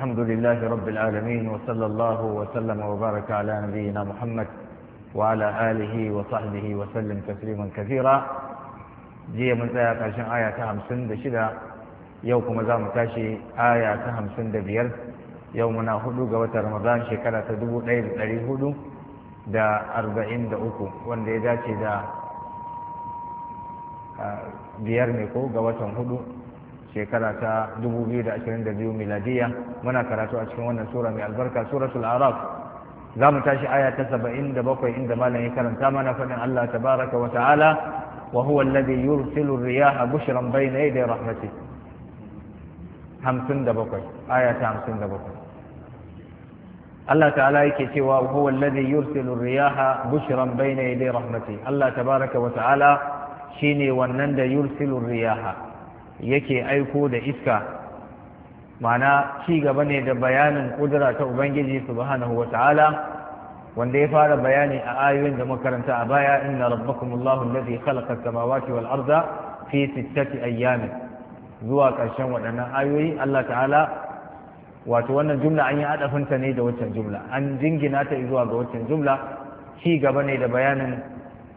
الحمد لله رب العالمين وصلى الله وسلم وبارك على نبينا محمد وعلى آله وصحبه وسلم تسليما كثيرا جي من آية عشان آية همسن دشدا يوكم زام تاشي آية همسن دبير يومنا هدو قوة رمضان شكرا تدبو ليل ليل هدو دا أربعين دا أكو وان دا دا آه، بيار نيكو قوة هدو shekara ta 2022 miladiya muna karatu a cikin wannan sura mai albarka suratul araf za mu tashi aya ta 77 inda malam ya karanta mana fadin Allah tabaraka wa ta'ala wa huwa alladhi yursilu riyaha bushran bayna yaday rahmatih 57 aya ta 57 Allah ta'ala yake cewa huwa alladhi yursilu riyaha bushran bayna yaday rahmati Allah tabaraka wa ta'ala shine wannan da yursilu riyaha yake aiko da iska mana ci gaba ne da bayanin kudura ta ubangiji subhanahu ta'ala wanda ya fara bayani a ayoyin da makaranta a baya inna rabbakum allahu alladhi khalaqa samawati wal arda fi sittati ayyamin zuwa ƙarshen waɗannan ayoyi Allah ta'ala wato wannan jumla an yi adafinta ne da waccan jumla an jingina ta zuwa ga waccan jumla ci gaba ne da bayanin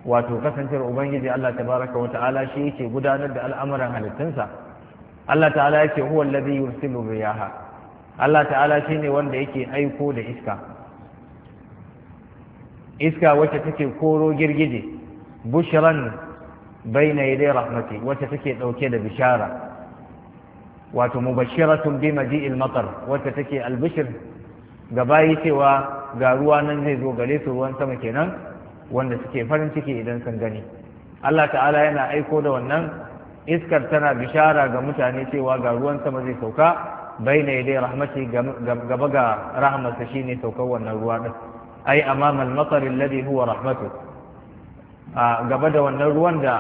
wato kasancewar ubangiji Allah tabaraka wa ta'ala shi yake gudanar da al'amuran halittunsa Allah ta'ala yake huwa alladhi yursilu riyaha Allah ta'ala shine wanda yake aiko da iska iska wacce take koro girgije bushran baina yaday rahmati wacce take dauke da bishara wato mubashiratun bi maji'il matar wacce take albishir gabayi cewa ga ruwa nan zai zo gare su ruwan sama kenan wanda suke farin ciki idan sun gani Allah ta'ala yana aiko da wannan iskar tana bishara ga mutane cewa ga ruwan sama zai sauka baina yadai rahmati gaba ga rahmarsa shine saukar wannan ruwa din ai amama al-matar alladhi huwa rahmatu a gaba da wannan ruwan da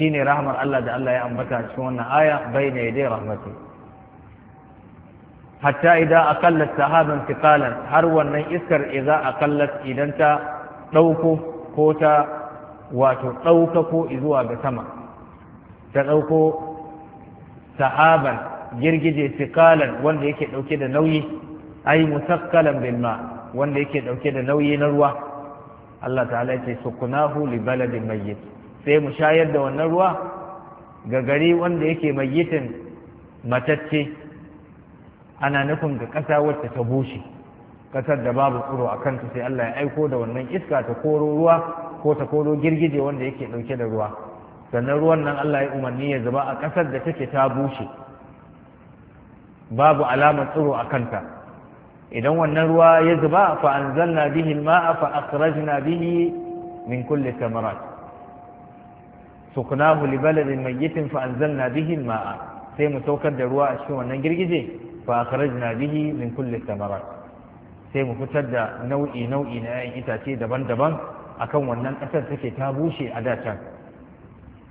shine rahmar Allah da Allah ya ambata cikin wannan aya baina yadai rahmati hatta idan aqallat sahaban thiqalan har wannan iskar idan aqallat idan ta dauko ko ta wato ɗaukako zuwa ga sama ta ɗauko sahaban girgije sikalan wanda yake ɗauke da nauyi ai musakkalan bilma wanda yake ɗauke da nauyi na ruwa Allah ta'ala ya ce sukunahu li baladin mayyit sai mu shayar da wannan ruwa ga gari wanda yake mayyitin matacce ana nufin ga ƙasa wacce ta bushe kasar da babu tsoro a kanta sai Allah ya aiko da wannan iska ta koro ruwa ko ta koro girgije wanda yake ɗauke da ruwa sannan ruwan nan Allah ya umarni ya zuba a kasar da take ta bushe babu alamar tsoro a kanta idan wannan ruwa ya zuba fa anzalna bihi al-ma'a fa akhrajna bihi min kulli thamarat suqnahu li baladin mayyitin fa anzalna bihi al-ma'a sai mu saukar da ruwa a cikin wannan girgije fa akhrajna bihi min kulli thamarat sai mu fitar da nau'i nau'i na 'ya'yan itace daban-daban akan wannan ƙasar take ta bushe a dacan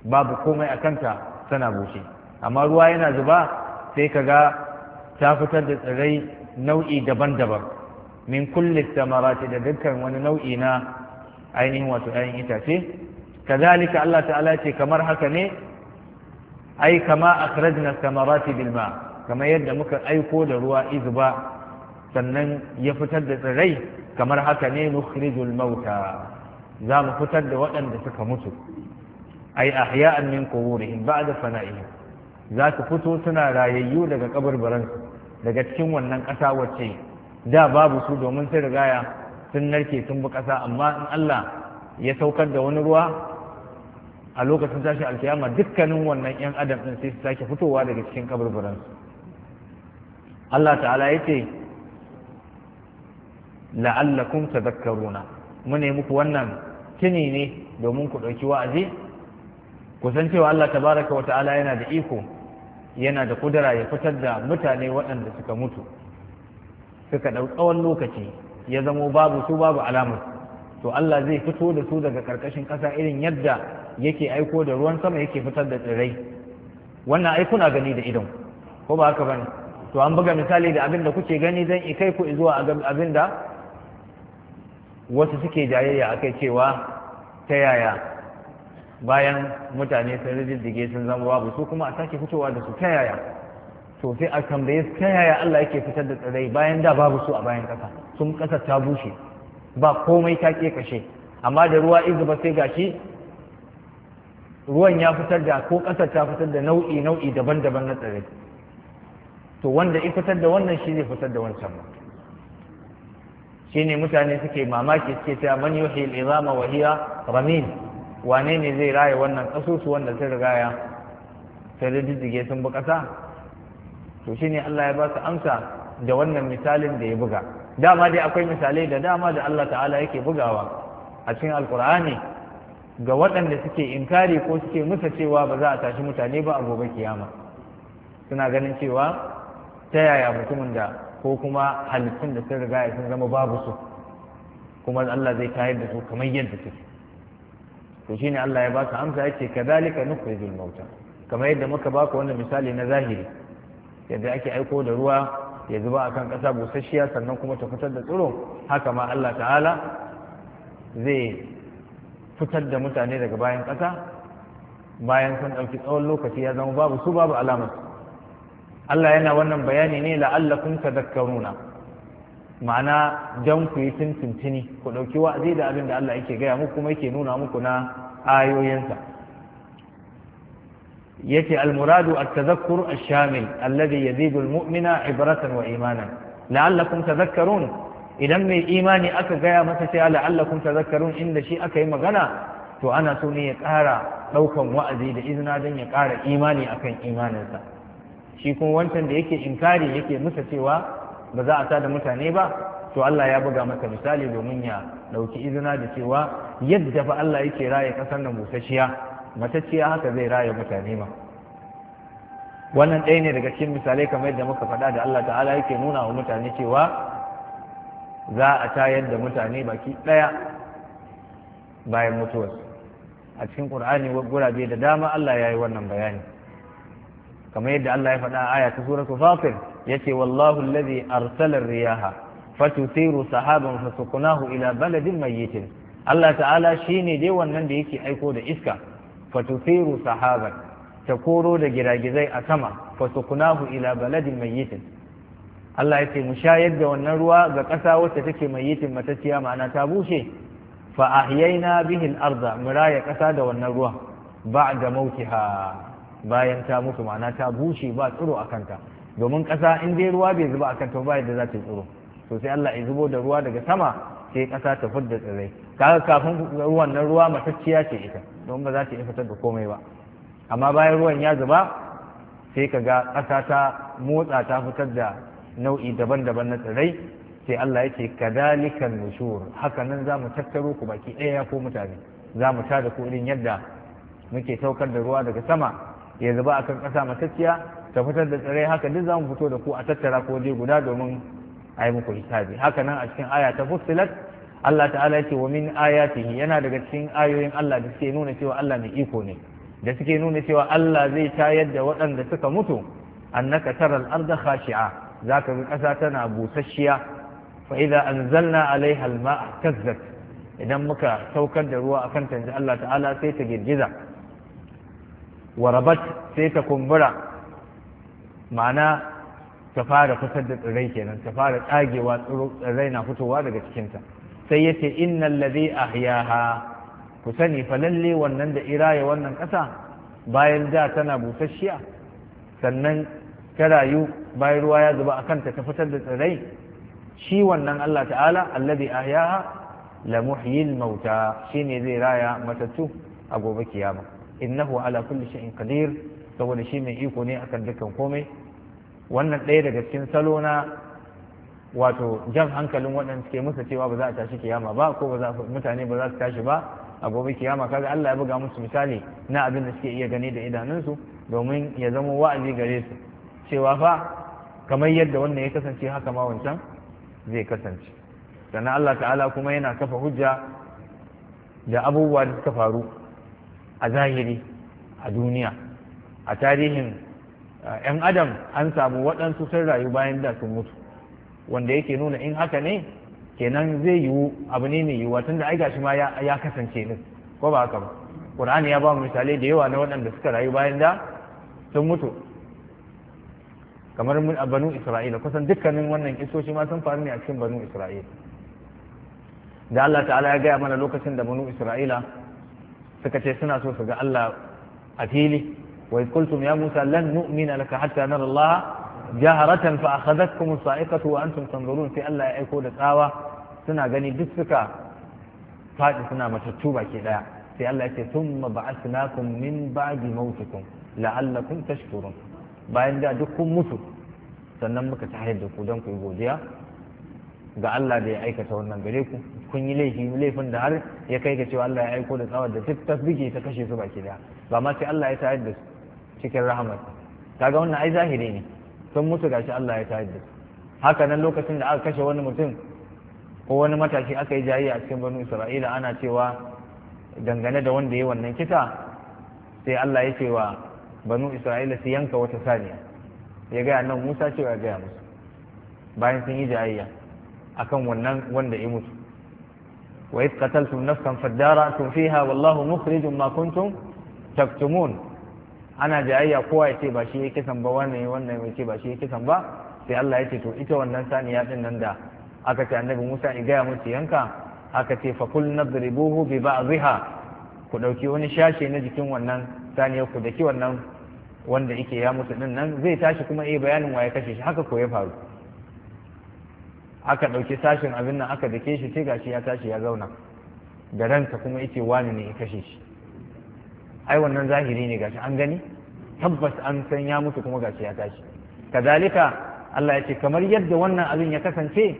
babu komai a kanta tana bushe amma ruwa yana zuba sai ka ga ta fitar da tsirrai nau'i daban-daban min kulli samarati da dukkan wani nau'i na ainihin wato 'ya'yan itace kazalika Allah ta'ala ce kamar haka ne ai kama akhrajna samarati bil ma kamar yadda muka aiko da ruwa izuba sannan ya fitar da tsirrai kamar haka ne nukhrijul mauta za mu fitar da waɗanda suka mutu ai ahya'an min quburihim ba'da fana'ihim za su fito suna rayayyu daga kaburbaran daga cikin wannan ƙasa wacce da babu su domin sun rigaya sun narke sun bi ƙasa amma in Allah ya saukar da wani ruwa a lokacin tashi alkiyama dukkanin wannan yan adam din sai su sake fitowa daga cikin kaburbaran Allah ta'ala yace la'allakum tadhakkaruna mu ne muku wannan kini ne domin ku ɗauki wa'azi ku san cewa Allah tabaraka wa ta'ala yana da iko yana da kudura ya fitar da mutane waɗanda suka mutu suka ɗau tsawon lokaci ya zamo babu su babu alamar to Allah zai fito da su daga ƙarƙashin ƙasa irin yadda yake aiko da ruwan sama yake fitar da tsirrai wannan ai kuna gani da idon ko ba haka bane to an buga misali da abin da kuke gani zan kai ku zuwa abin da wasu suke jayayya akai cewa ta yaya bayan mutane sun rijiddige sun zama babu su kuma a sake fitowa da su ta yaya to sai a tambaye su ta yaya Allah yake fitar da tsirrai bayan da babu su a bayan kasa sun kasa ta bushe ba komai ta ke kashe amma da ruwa izu ba sai gashi ruwan ya fitar da ko ƙasar ta fitar da nau'i nau'i daban-daban na tsirrai to wanda ya fitar da wannan shi zai fitar da wancan ba shine mutane suke mamaki suke cewa man yuhi al-izama wa hiya ramin wane ne zai raye wannan kasusu wanda sai rigaya sai da diddige sun bi kasa to shine Allah ya ba su amsa da wannan misalin da ya buga dama dai akwai misalai da dama da Allah ta'ala yake bugawa a cikin alkur'ani ga waɗanda suke inkari ko suke musa cewa ba za a tashi mutane ba a gobe kiyama suna ganin cewa ta yaya mutumin da ko kuma halittun da sun riga sun zama babu su kuma Allah zai tayar da su kamar yadda suke to shine Allah ya ba su amsa yace kadhalika nukhrijul mauta kamar yadda muka baka wannan misali na zahiri yadda ake aiko da ruwa ya zuba akan ƙasa busasshiya sannan kuma ta fitar da tsiro haka ma Allah ta'ala zai fitar da mutane daga bayan ƙasa bayan sun ɗauki tsawon lokaci ya zama babu su babu alamar Allah yana wannan bayani ne la'allakum tadhakkaruna ma'ana dan ku yi tuntuntuni ku ɗauki wa'azi da abin da Allah yake gaya muku kuma yake nuna muku na ayoyinsa yace almuradu muradu at-tadhakkur ash-shamil alladhi yazidu al-mu'mina ibratan wa imanan la'allakum tadhakkarun idan mai imani aka gaya masa sai la'allakum tadhakkarun inda shi aka yi magana to ana so ne ya ƙara ɗaukan wa'azi da izina don ya ƙara imani akan imaninsa shi kuma wancan da yake inkari yake musa cewa ba za a sada mutane ba to Allah ya buga maka misali domin ya ɗauki izina da cewa yadda fa Allah yake raye ƙasar da busasshiya matacciya haka zai raye mutane ma wannan ɗaya ne daga cikin misalai kamar yadda muka faɗa da Allah ta'ala yake nuna wa mutane cewa za a tayar da mutane baki ɗaya bayan mutuwarsu a cikin ƙur'ani gurabe da dama Allah ya yi wannan bayani kamar yadda Allah ya faɗa aya ta suratu fatir yace wallahu alladhi arsala riyaha fatusiru sahaban fasuqnahu ila baladin mayyitin Allah ta'ala shine dai wannan da yake aiko da iska fatusiru sahaban ta koro da giragizai a sama fasuqnahu ila baladin mayyitin Allah ya ce mu shayar da wannan ruwa ga ƙasa wacce take mayyitin matacciya ma'ana ta bushe fa ahyayna bihi al-ardha mu ƙasa da wannan ruwa ba'da mautiha bayan ta mutu ma'ana ta bushe ba tsiro a kanta domin ƙasa in dai ruwa bai zuba a kanta ba yadda za ta yi tsiro to Allah ya zubo da ruwa daga sama sai ƙasa ta fidda tsirrai kaga kafin ruwan nan ruwa matacciya ce ita domin ba za ta iya fitar da komai ba amma bayan ruwan ya zuba sai ka ga ƙasa ta motsa ta fitar da nau'i daban-daban na tsirrai sai Allah ya ce kadalikan nushur haka nan za mu tattaro ku baki ɗaya ko mutane za mu tada ku irin yadda muke saukar da ruwa daga sama ya ba a kan ƙasa matakiya ta fitar da tsirrai haka duk za mu fito da ku a tattara ko dai guda domin a yi muku hisabi haka nan a cikin aya ta fusilat, Allah ta'ala ce wa min ayatihi yana daga cikin ayoyin Allah da suke nuna cewa Allah mai iko ne da suke nuna cewa Allah zai tayar da waɗanda suka mutu annaka taral arda khashi'a zaka ga ƙasa tana busasshiya fa idza anzalna alaiha al-ma'a idan muka saukar da ruwa akan tanzi Allah ta'ala sai ta girgiza warabat sai ta kumbura ma'ana ta fara fitar da tsirrai kenan ta fara tsagewa tsirrai na fitowa daga cikinta sai ya ce innal ladhi ahyaha ku sani fa lalle wannan da iraye wannan ƙasa bayan da tana busasshiya sannan ta rayu bayan ruwa ya zuba a kanta ta fitar da tsirrai shi wannan Allah ta'ala alladhi ahyaha la muhyil mauta shine zai raya matattu a gobe kiyama innahu ala kulli shay'in qadir saboda shi mai iko ne akan dukkan komai wannan ɗaya daga cikin salo na wato jan hankalin waɗanda suke musu cewa ba za a tashi kiyama ba ko ba za mutane ba za su tashi ba a gobe kiyama kaga Allah ya buga musu misali na abin da suke iya gani da idanunsu domin ya zama wa'azi gare su cewa fa kamar yadda wannan ya kasance haka ma wancan zai kasance sannan Allah ta'ala kuma yana kafa hujja da abubuwa da suka faru a zahiri a duniya a tarihin 'yan adam an samu waɗansu sun rayu bayan da sun mutu wanda yake nuna in haka ne kenan zai yiwu abu ne mai yiwuwa tunda ai gashi ma ya kasance ne ko ba haka ba qur'ani ya ba mu misalai da yawa na waɗanda suka rayu bayan da sun mutu kamar mun banu isra'ila kusan dukkanin wannan kisoshi ma sun faru ne a cikin banu isra'ila da Allah ta'ala ya gaya mana lokacin da banu isra'ila suka ce suna so su ga Allah a fili wa qultum ya Musa lan nu'mina laka hatta nara Allah jaharatan fa akhadhatkum sa'iqatu wa antum tanzurun sai Allah ya aiko da tsawa suna gani duk suka faɗi suna matattu baki daya sai Allah ya ce thumma ba'athnakum min ba'di mautikum la'allakum tashkurun bayan da duk kun mutu sannan muka ta da ku don ku yi godiya ga Allah da ya aikata wannan gare ku kun yi laifi laifin da har ya kai ga cewa Allah ya aiko da tsawar da duk tasbike ta kashe su baki daya ba ma sai Allah ya tayar da su cikin rahamar kaga wannan ai zahiri ne sun mutu ga shi Allah ya tayar da su haka nan lokacin da aka kashe wani mutum ko wani matashi aka yi jayayya a cikin banu Isra'ila ana cewa dangane da wanda ya yi wannan kisa sai Allah ya ce wa banu Isra'ila su yanka wata saniya ya gaya nan Musa cewa ya gaya musu bayan sun yi jayayya akan wannan wanda ya mutu وإذ قتلتم نفسا فادارأتم فيها والله مخرج ما كنتم تكتمون ana jayayya kowa ya ce ba shi ya kisan ba wannan wannan ya ce ba shi ya kisan ba sai Allah ya ce to ita wannan saniya din nan da aka ce annabi Musa ya gaya musu yanka aka ce fa kul nadribuhu bi ba'dihha ku ɗauki wani shashe na jikin wannan saniya ku daki wannan wanda yake ya mutu din nan zai tashi kuma iya bayanin waye kashe shi haka ko ya faru aka ɗauki sashen abin nan aka dake shi sai gashi ya tashi ya zauna da ranka kuma yace wani ne ya kashe shi ai wannan zahiri ne gashi an gani tabbas an san ya mutu kuma gashi ya tashi kazalika Allah ya ce kamar yadda wannan abin ya kasance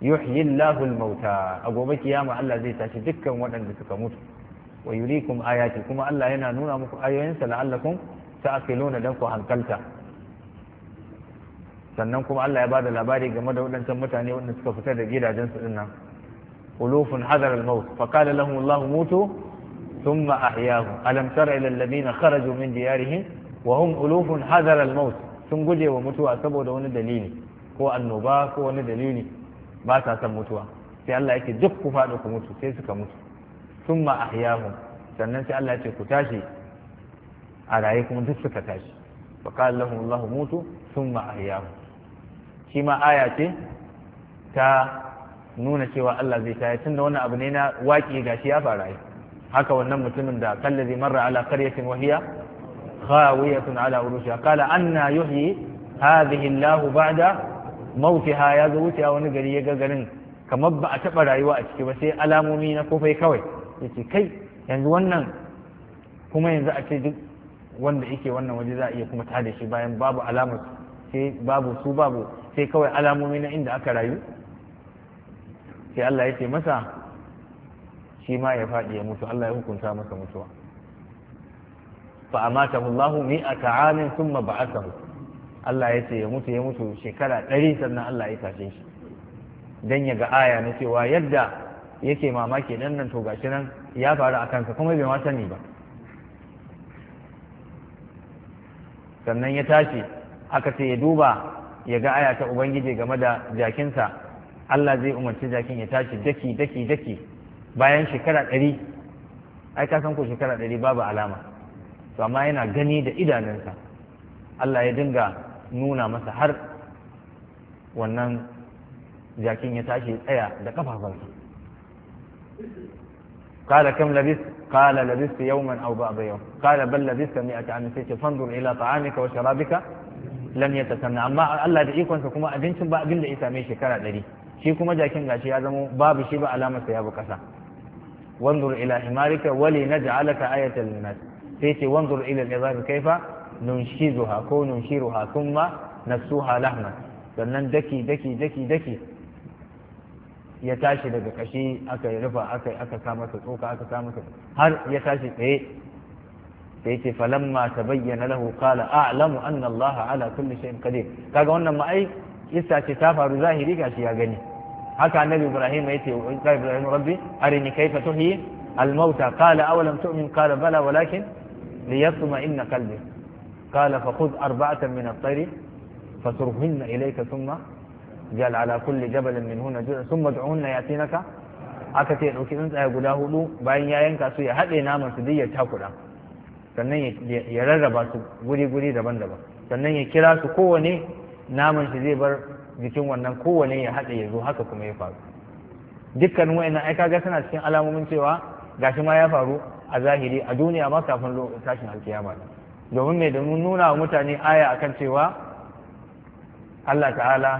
yuhyi Allahu al-mauta a gobe kiyama Allah zai tashi dukkan waɗanda suka mutu wa yurikum ayati kuma Allah yana nuna muku ayoyinsa la'allakum ta'qiluna dan ku hankalta sannan kuma Allah ya bada labari game da waɗancan mutane waɗanda suka fita da gidajensu ɗin nan ulufun hadar al-maut fa qala lahum Allah mutu thumma ahyahum alam tara ila alladhina kharaju min diyarihim wa hum ulufun hadar al-maut sun guje wa mutuwa saboda wani dalili ko annoba ko wani dalili ba sa son mutuwa sai Allah yake duk ku faɗi ku mutu sai suka mutu thumma ahyahum sannan sai Allah yake ku tashi a raye kuma duk suka tashi fa qala lahum Allah mutu thumma ahyahum shi ma aya ce ta nuna cewa Allah zai tayar tunda wannan abu ne na waƙi gashi ya fara yi haka wannan mutumin da kallazi marra ala qaryatin wa hiya khawiyatun ala urushiha qala anna yuhyi hadhihi Allah ba'da mautiha ya zo wuce wani gari ya ga garin kamar ba a taɓa rayuwa a ciki ba sai alamomi na kofai kawai yace kai yanzu wannan kuma yanzu a ce duk wanda yake wannan waje za a iya kuma tada shi bayan babu alamar sai babu su babu sai kawai alamomi na inda aka rayu sai Allah ya ce masa shi ma ya faɗi ya mutu Allah ya hukunta masa mutuwa fa amatahu Allah mi'ata amin thumma ba'athahu Allah ya ce ya mutu ya mutu shekara ɗari sannan Allah ya tashe shi dan ya ga aya na cewa yadda yake mamaki dan nan to gashi nan ya faru a kansa kuma bai ma sani ba sannan ya tashi aka ce ya duba ya ga aya ta ubangiji game da jakinsa Allah zai umarci jakin ya tashi daki daki daki bayan shekara ɗari ai ka san ko shekara ɗari babu alama to amma yana gani da idanunsa Allah ya dinga nuna masa har wannan jakin ya tashi tsaya da kafafunsa قال كم لبثت قال لبثت يوما او بعض يوم قال بل لبثت مئة عام ila ta'amika wa sharabika Lan ya tasanna amma Allah da ikonsa kuma abincin ba abin da ya same shekara ɗari shi kuma jakin gashi ya zama babu shi ba sa ya bu ƙasa wanzur ila himarika wali naj'alaka ayatan linnas sai ce wanzur ila al-izami kaifa nunshizuha ko nunshiruha thumma nasuha lahman sannan daki daki daki daki ya tashi daga kashi aka rufa aka aka sa masa tsoka aka sa masa har ya tashi tsaye da yake falamma ta bayyana lahu kala a'lamu anna Allah ala kulli shay'in qadir kaga wannan ma ai kissa ce ta faru zahiri gashi ya gani haka annabi Ibrahim yace ya Ibrahim rabbi arini kayfa tuhyi al-mauta qala awalam tu'min qala bala walakin liyatma'inna qalbi qala fakhudh arba'atan min at-tayr fasurhunna ilayka thumma jal ala kulli jabalin minhunna juz'an thumma ud'uhunna yatinaka aka ce dauki tsuntsaye guda hudu bayan ya yanka su ya haɗe naman su duk ya takuda sannan ya rarraba su guri-guri daban-daban sannan ya kira su kowane naman shi zai bar jikin wannan kowane ya haɗe ya zo haka kuma ya faru dukkan wayannan ai kaga suna cikin alamomin cewa gashi ma ya faru a zahiri a duniya ma kafin tashin alkiyama domin mai mun nuna wa mutane aya akan cewa Allah ta'ala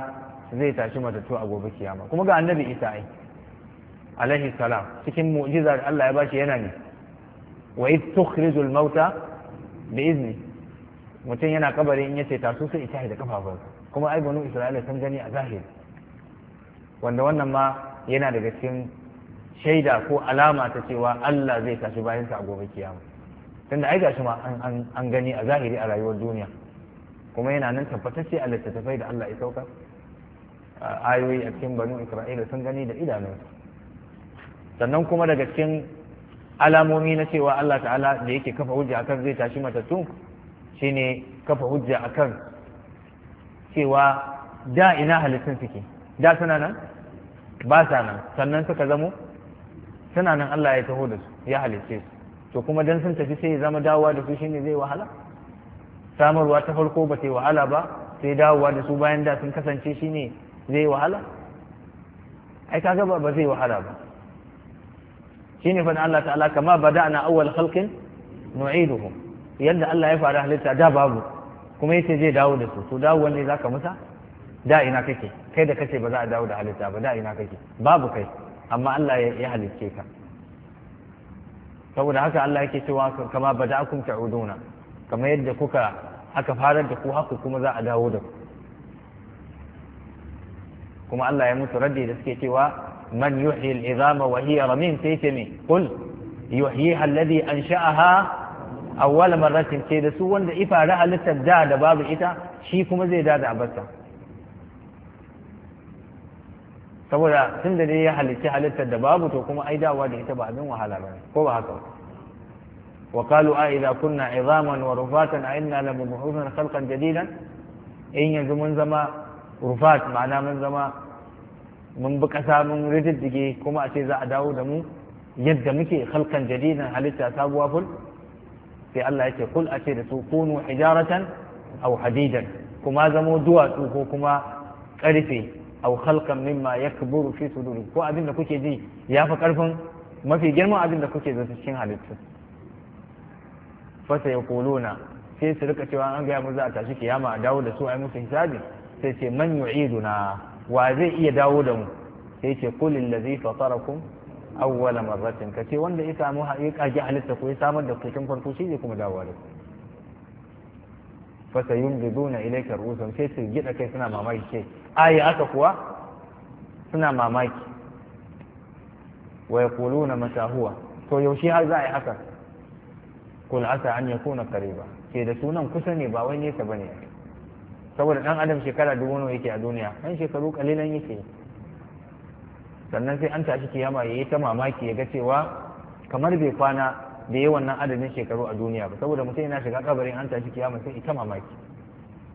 zai tashi matattu a gobe kiyama kuma ga annabi Isa ai alaihi salam cikin mu'jiza da Allah ya bashi yana ne Wai iz tukhrijul mauta bi izni mutum yana kabari in yace taso sai ita da kafafun kuma ai banu isra'ila sun gani a zahiri wanda wannan ma yana daga cikin shaida ko alama ta cewa Allah zai tashi bayansa a gobe kiyama tunda ai gashi ma an gani a zahiri a rayuwar duniya kuma yana nan tabbatace a littattafai da Allah ya sauka ayoyi a cikin banu Isra'ila sun gani da idanunsu sannan kuma daga cikin alamomi na cewa Allah ta'ala da yake kafa hujja akan zai tashi matattu shine kafa hujja akan cewa da ina halittun suke da suna nan ba sa nan sannan suka zamo suna nan Allah ya taho da su ya halitte su to kuma dan sun tafi sai ya zama dawowa da su shine zai wahala samarwa ta farko ba ta wahala ba sai dawowa da su bayan da sun kasance shine zai wahala ai kaga ba ba zai wahala ba Shi ne fana Allah ta'ala kama ba ana awwal khalqin nu'iduhum yadda Allah ya fara halitta da babu kuma yace zai dawo da su to dawo wanne zaka musa da ina kake kai da kace ba za a dawo da halitta ba da ina kake babu kai amma Allah ya halicce ka saboda haka Allah yake cewa kama ba da bada'akum ta'uduna kama yadda kuka aka farar da ku haka kuma za a dawo da ku kuma Allah ya musu raddi da suke cewa man yuhyi al-izama wa hiya ramin sai ce me kul yuhyiha alladhi ansha'aha awwal marratin ce da su wanda ifara halittar da da babu ita shi kuma zai da da abarta saboda tun da dai ya halarci halittar da babu to kuma ai da ita ba abin wahala ba ko ba haka ba وقالوا أئذا كنا عظاما ورفاتا أئنا لمبعوثون خلقا جديدا إن يجو زما رفات معناه من زما mun bi ƙasa mun rididdige kuma a ce za a dawo da mu yadda muke halkan jaridan halitta sabuwa ful sai Allah ya ce kul a ce da su kunu hijaratan aw hadidan kuma zamo duwatsu ko kuma karfe aw khalqan mimma yakburu fi suduri ko abin da kuke ji ya fi karfin mafi girma abin da kuke zata cikin halittu fasa ya luna sai su rika cewa an gaya mu za a tashi kiyama a dawo da su a yi musu hisabi sai ce man yu'iduna wa zai iya dawo da mu sai ce kulin da zai fatarakum awwala marratin ka ce wanda ya samu ya kage halitta ko ya samar da kokin farko shi ne kuma dawo da fa sayun na ilayka rusul sai su gida kai suna mamaki ce ayi aka kuwa suna mamaki wa yaquluna mata huwa to yaushe har za a yi haka kul asa an yakuna qariba ke da sunan kusa ne ba wai nesa bane saboda dan adam shekara dubu nawa yake a duniya dan shekaru kalilan yake sannan sai an tashi kiyama ya yi ta mamaki ya ga cewa kamar bai kwana da yawan nan adadin shekaru a duniya ba saboda mutum yana shiga kabarin an tashi kiyama sai ita mamaki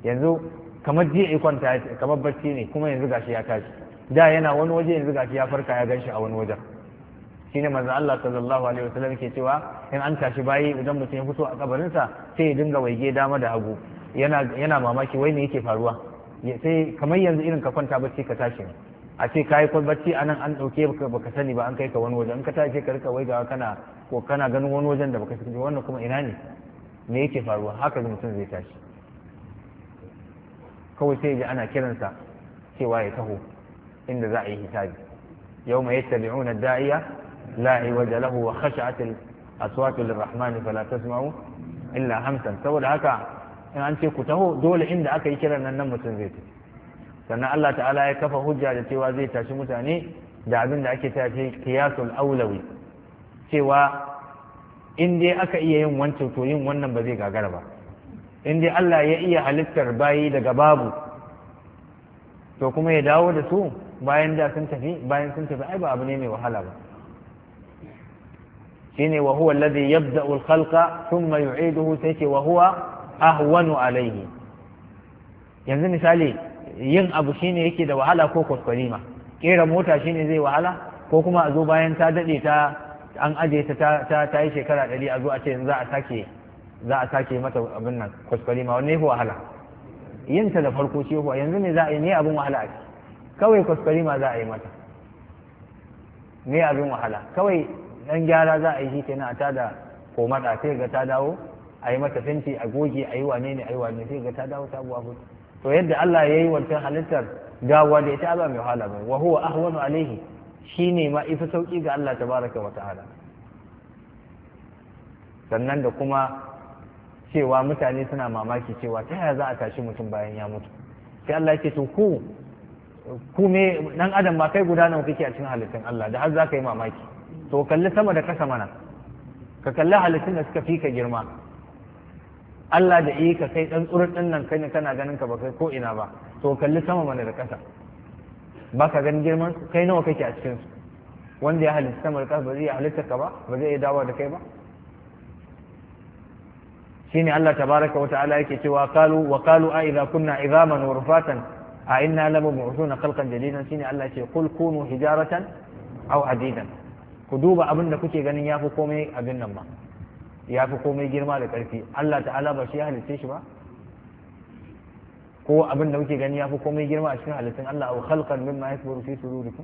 yanzu kamar jiya ya kwanta kamar barci ne kuma yanzu gashi ya tashi da yana wani waje yanzu gashi ya farka ya ganshi a wani wajen shine manzo Allah sallallahu alaihi wasallam ke cewa in an tashi bayi idan mutum ya fito a kabarinsa sai ya dinga waige dama da hagu yana mamaki wai ne yake faruwa sai kamar yanzu irin ka kwanta bacci ka tashi ne a ce kayi kwan bacci anan an dauke baka baka sani ba an kai ka wani wajen in ka tashi ka rika wai gawa kana ko kana ganin wani wajen da baka sani wannan kuma ina ne me yake faruwa haka mutum zai tashi kawai sai ji ana kiransa cewa ya taho inda za a yi hisabi يوم يتبعون الداعية لا عوج له وخشعت الأصوات للرحمن فلا تسمع illa همسا saboda haka. in an ce ku taho dole inda aka yi kiran nan nan mutum zai tafi sannan Allah ta'ala ya kafa hujja da cewa zai tashi mutane da abin da ake tafi kiyasul aulawi cewa in dai aka iya yin wancan to yin wannan ba zai gagara ba in dai Allah ya iya halittar bayi daga babu to kuma ya dawo da su bayan da sun tafi bayan sun tafi ai ba abu ne mai wahala ba shine wa huwa alladhi yabda'u al-khalqa thumma yu'iduhu sai ce wa huwa ahwanu alaihi yanzu misali yin abu shine yake da wahala ko kwaskwarima kera mota shine zai wahala ko kuma a zo bayan ta dade ta an aje ta ta yi shekara ɗari a zo a ce za a sake za a sake mata abin nan kwaskwarima wanne yafi wahala yin ta da farko shi yanzu ne za a yi ne abin wahala a kawai kwaskwarima za a yi mata ne abin wahala kawai dan gyara za a yi shi kenan a tada ko mata sai ga ta dawo a yi mata fenti a goge a yi wane ne a yi wane sai ga ta dawo sabuwa ko to yadda Allah ya yi wancan halittar gawa da ita ba mai wahala ba wa huwa ahwanu alaihi shine ma ifi sauki ga Allah tabaraka wa ta'ala sannan da kuma cewa mutane suna mamaki cewa ta yaya za a tashi mutum bayan ya mutu sai Allah yake to ku ku me dan adam ba kai guda nawa kake a cikin halittun Allah da har za ka yi mamaki to kalli sama da kasa mana ka kalli halittun da suka fi ka girma Allah da yi eh ka kai dan tsurin din nan kai kana ganin ka ba kai ko ina ba to kalli sama mana da ƙasa ba ka ganin girman kai nawa kake a cikin su wanda ya halitta sama da ƙasa ba zai halitta ka ba ba zai dawo da kai ba shine Allah tabaraka wa ta'ala yake cewa qalu wa qalu a idza kunna idhaman wa rufatan a inna lamu kalkan khalqan jadidan shine Allah ce qul kunu hijaratan aw hadidan ku duba abin da kuke ganin ya fi komai abin nan ba ya fi komai girma da ƙarfi Allah ta'ala ba shi ya halitta shi ba ko abin da kuke gani ya fi komai girma a cikin halittun Allah au khalqan mimma ya fi sudurikum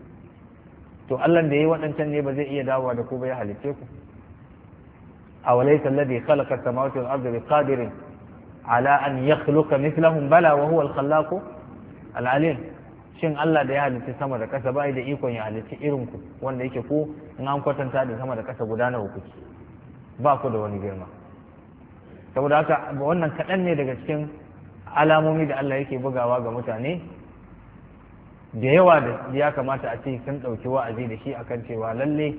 to Allah da yayi waɗancan ne ba zai iya dawowa da ko ba ya halitte ku a laysa alladhi khalaqa as-samawati wal arda ala an yakhluqa mithlahum bala wa huwa al-khallaqu al-alim shin Allah da ya halitta sama da ƙasa ba da ikon ya halitta irin ku wanda yake ko in an kwatanta da sama da ƙasa guda nawa kuke ba ku da wani girma saboda haka wannan kaɗan ne daga cikin alamomi da Allah yake bugawa ga mutane da yawa da ya kamata a ce sun ɗauki wa'azi da shi akan cewa lalle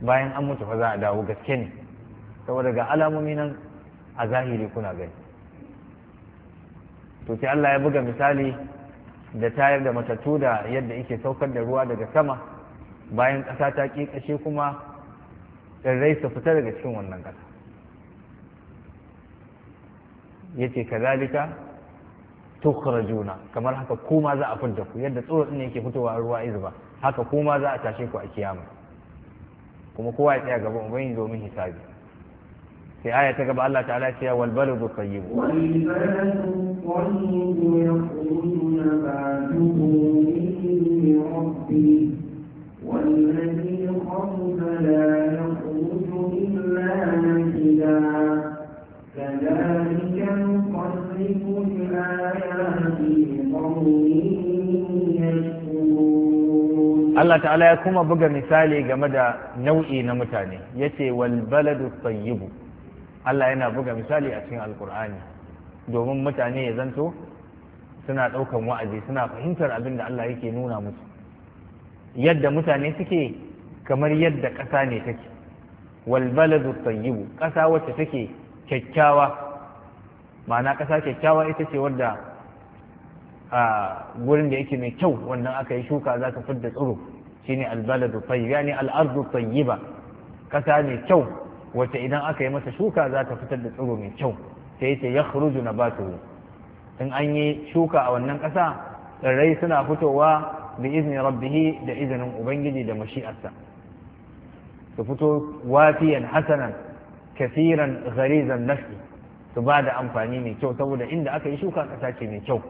bayan an mutu fa za a dawo gaske ne saboda ga alamomi nan a zahiri kuna gani to sai Allah ya buga misali da tayar da matattu da yadda yake saukar da ruwa daga sama bayan ƙasa ta ƙi ƙashe kuma tsirrai su fita daga cikin wannan ƙasa ya ce tukura juna kamar haka kuma za a fidda ku yadda tsoro ɗin yake fitowa a ruwa izba haka kuma za a tashe ku a kiyama kuma kowa ya tsaya gaba ubangi domin hisabi sai aya ta gaba Allah ta'ala ce wal baladu tayyib wal baladu yaquluna Allah ta'ala ya kuma buga misali game da nau'i na mutane ya ce walbaladu tsayibu Allah yana buga misali a cikin alkur'ani domin mutane ya zanto suna ɗaukan wa'azi suna fahimtar abin da Allah yake nuna musu yadda mutane suke kamar yadda ƙasa ne take wal baladu tayyibu ƙasa wacce take kyakkyawa ma'ana ƙasa kyakkyawa ita ce wadda a gurin da yake mai kyau wannan aka yi shuka za ta fidda tsiro shine albaladu tayyib yani al'ardu tayyiba ƙasa mai kyau wacce idan aka yi masa shuka za ta fitar da tsiro mai kyau sai ce ya khuruju nabatuhu in an yi shuka a wannan ƙasa tsirrai suna fitowa bi izni rabbihi da izinin ubangiji da mashi'arsa su fito wafiyan hasanan kafiran gharizan nafi su ba da amfani mai kyau saboda inda aka yi shuka ƙasa ce mai kyau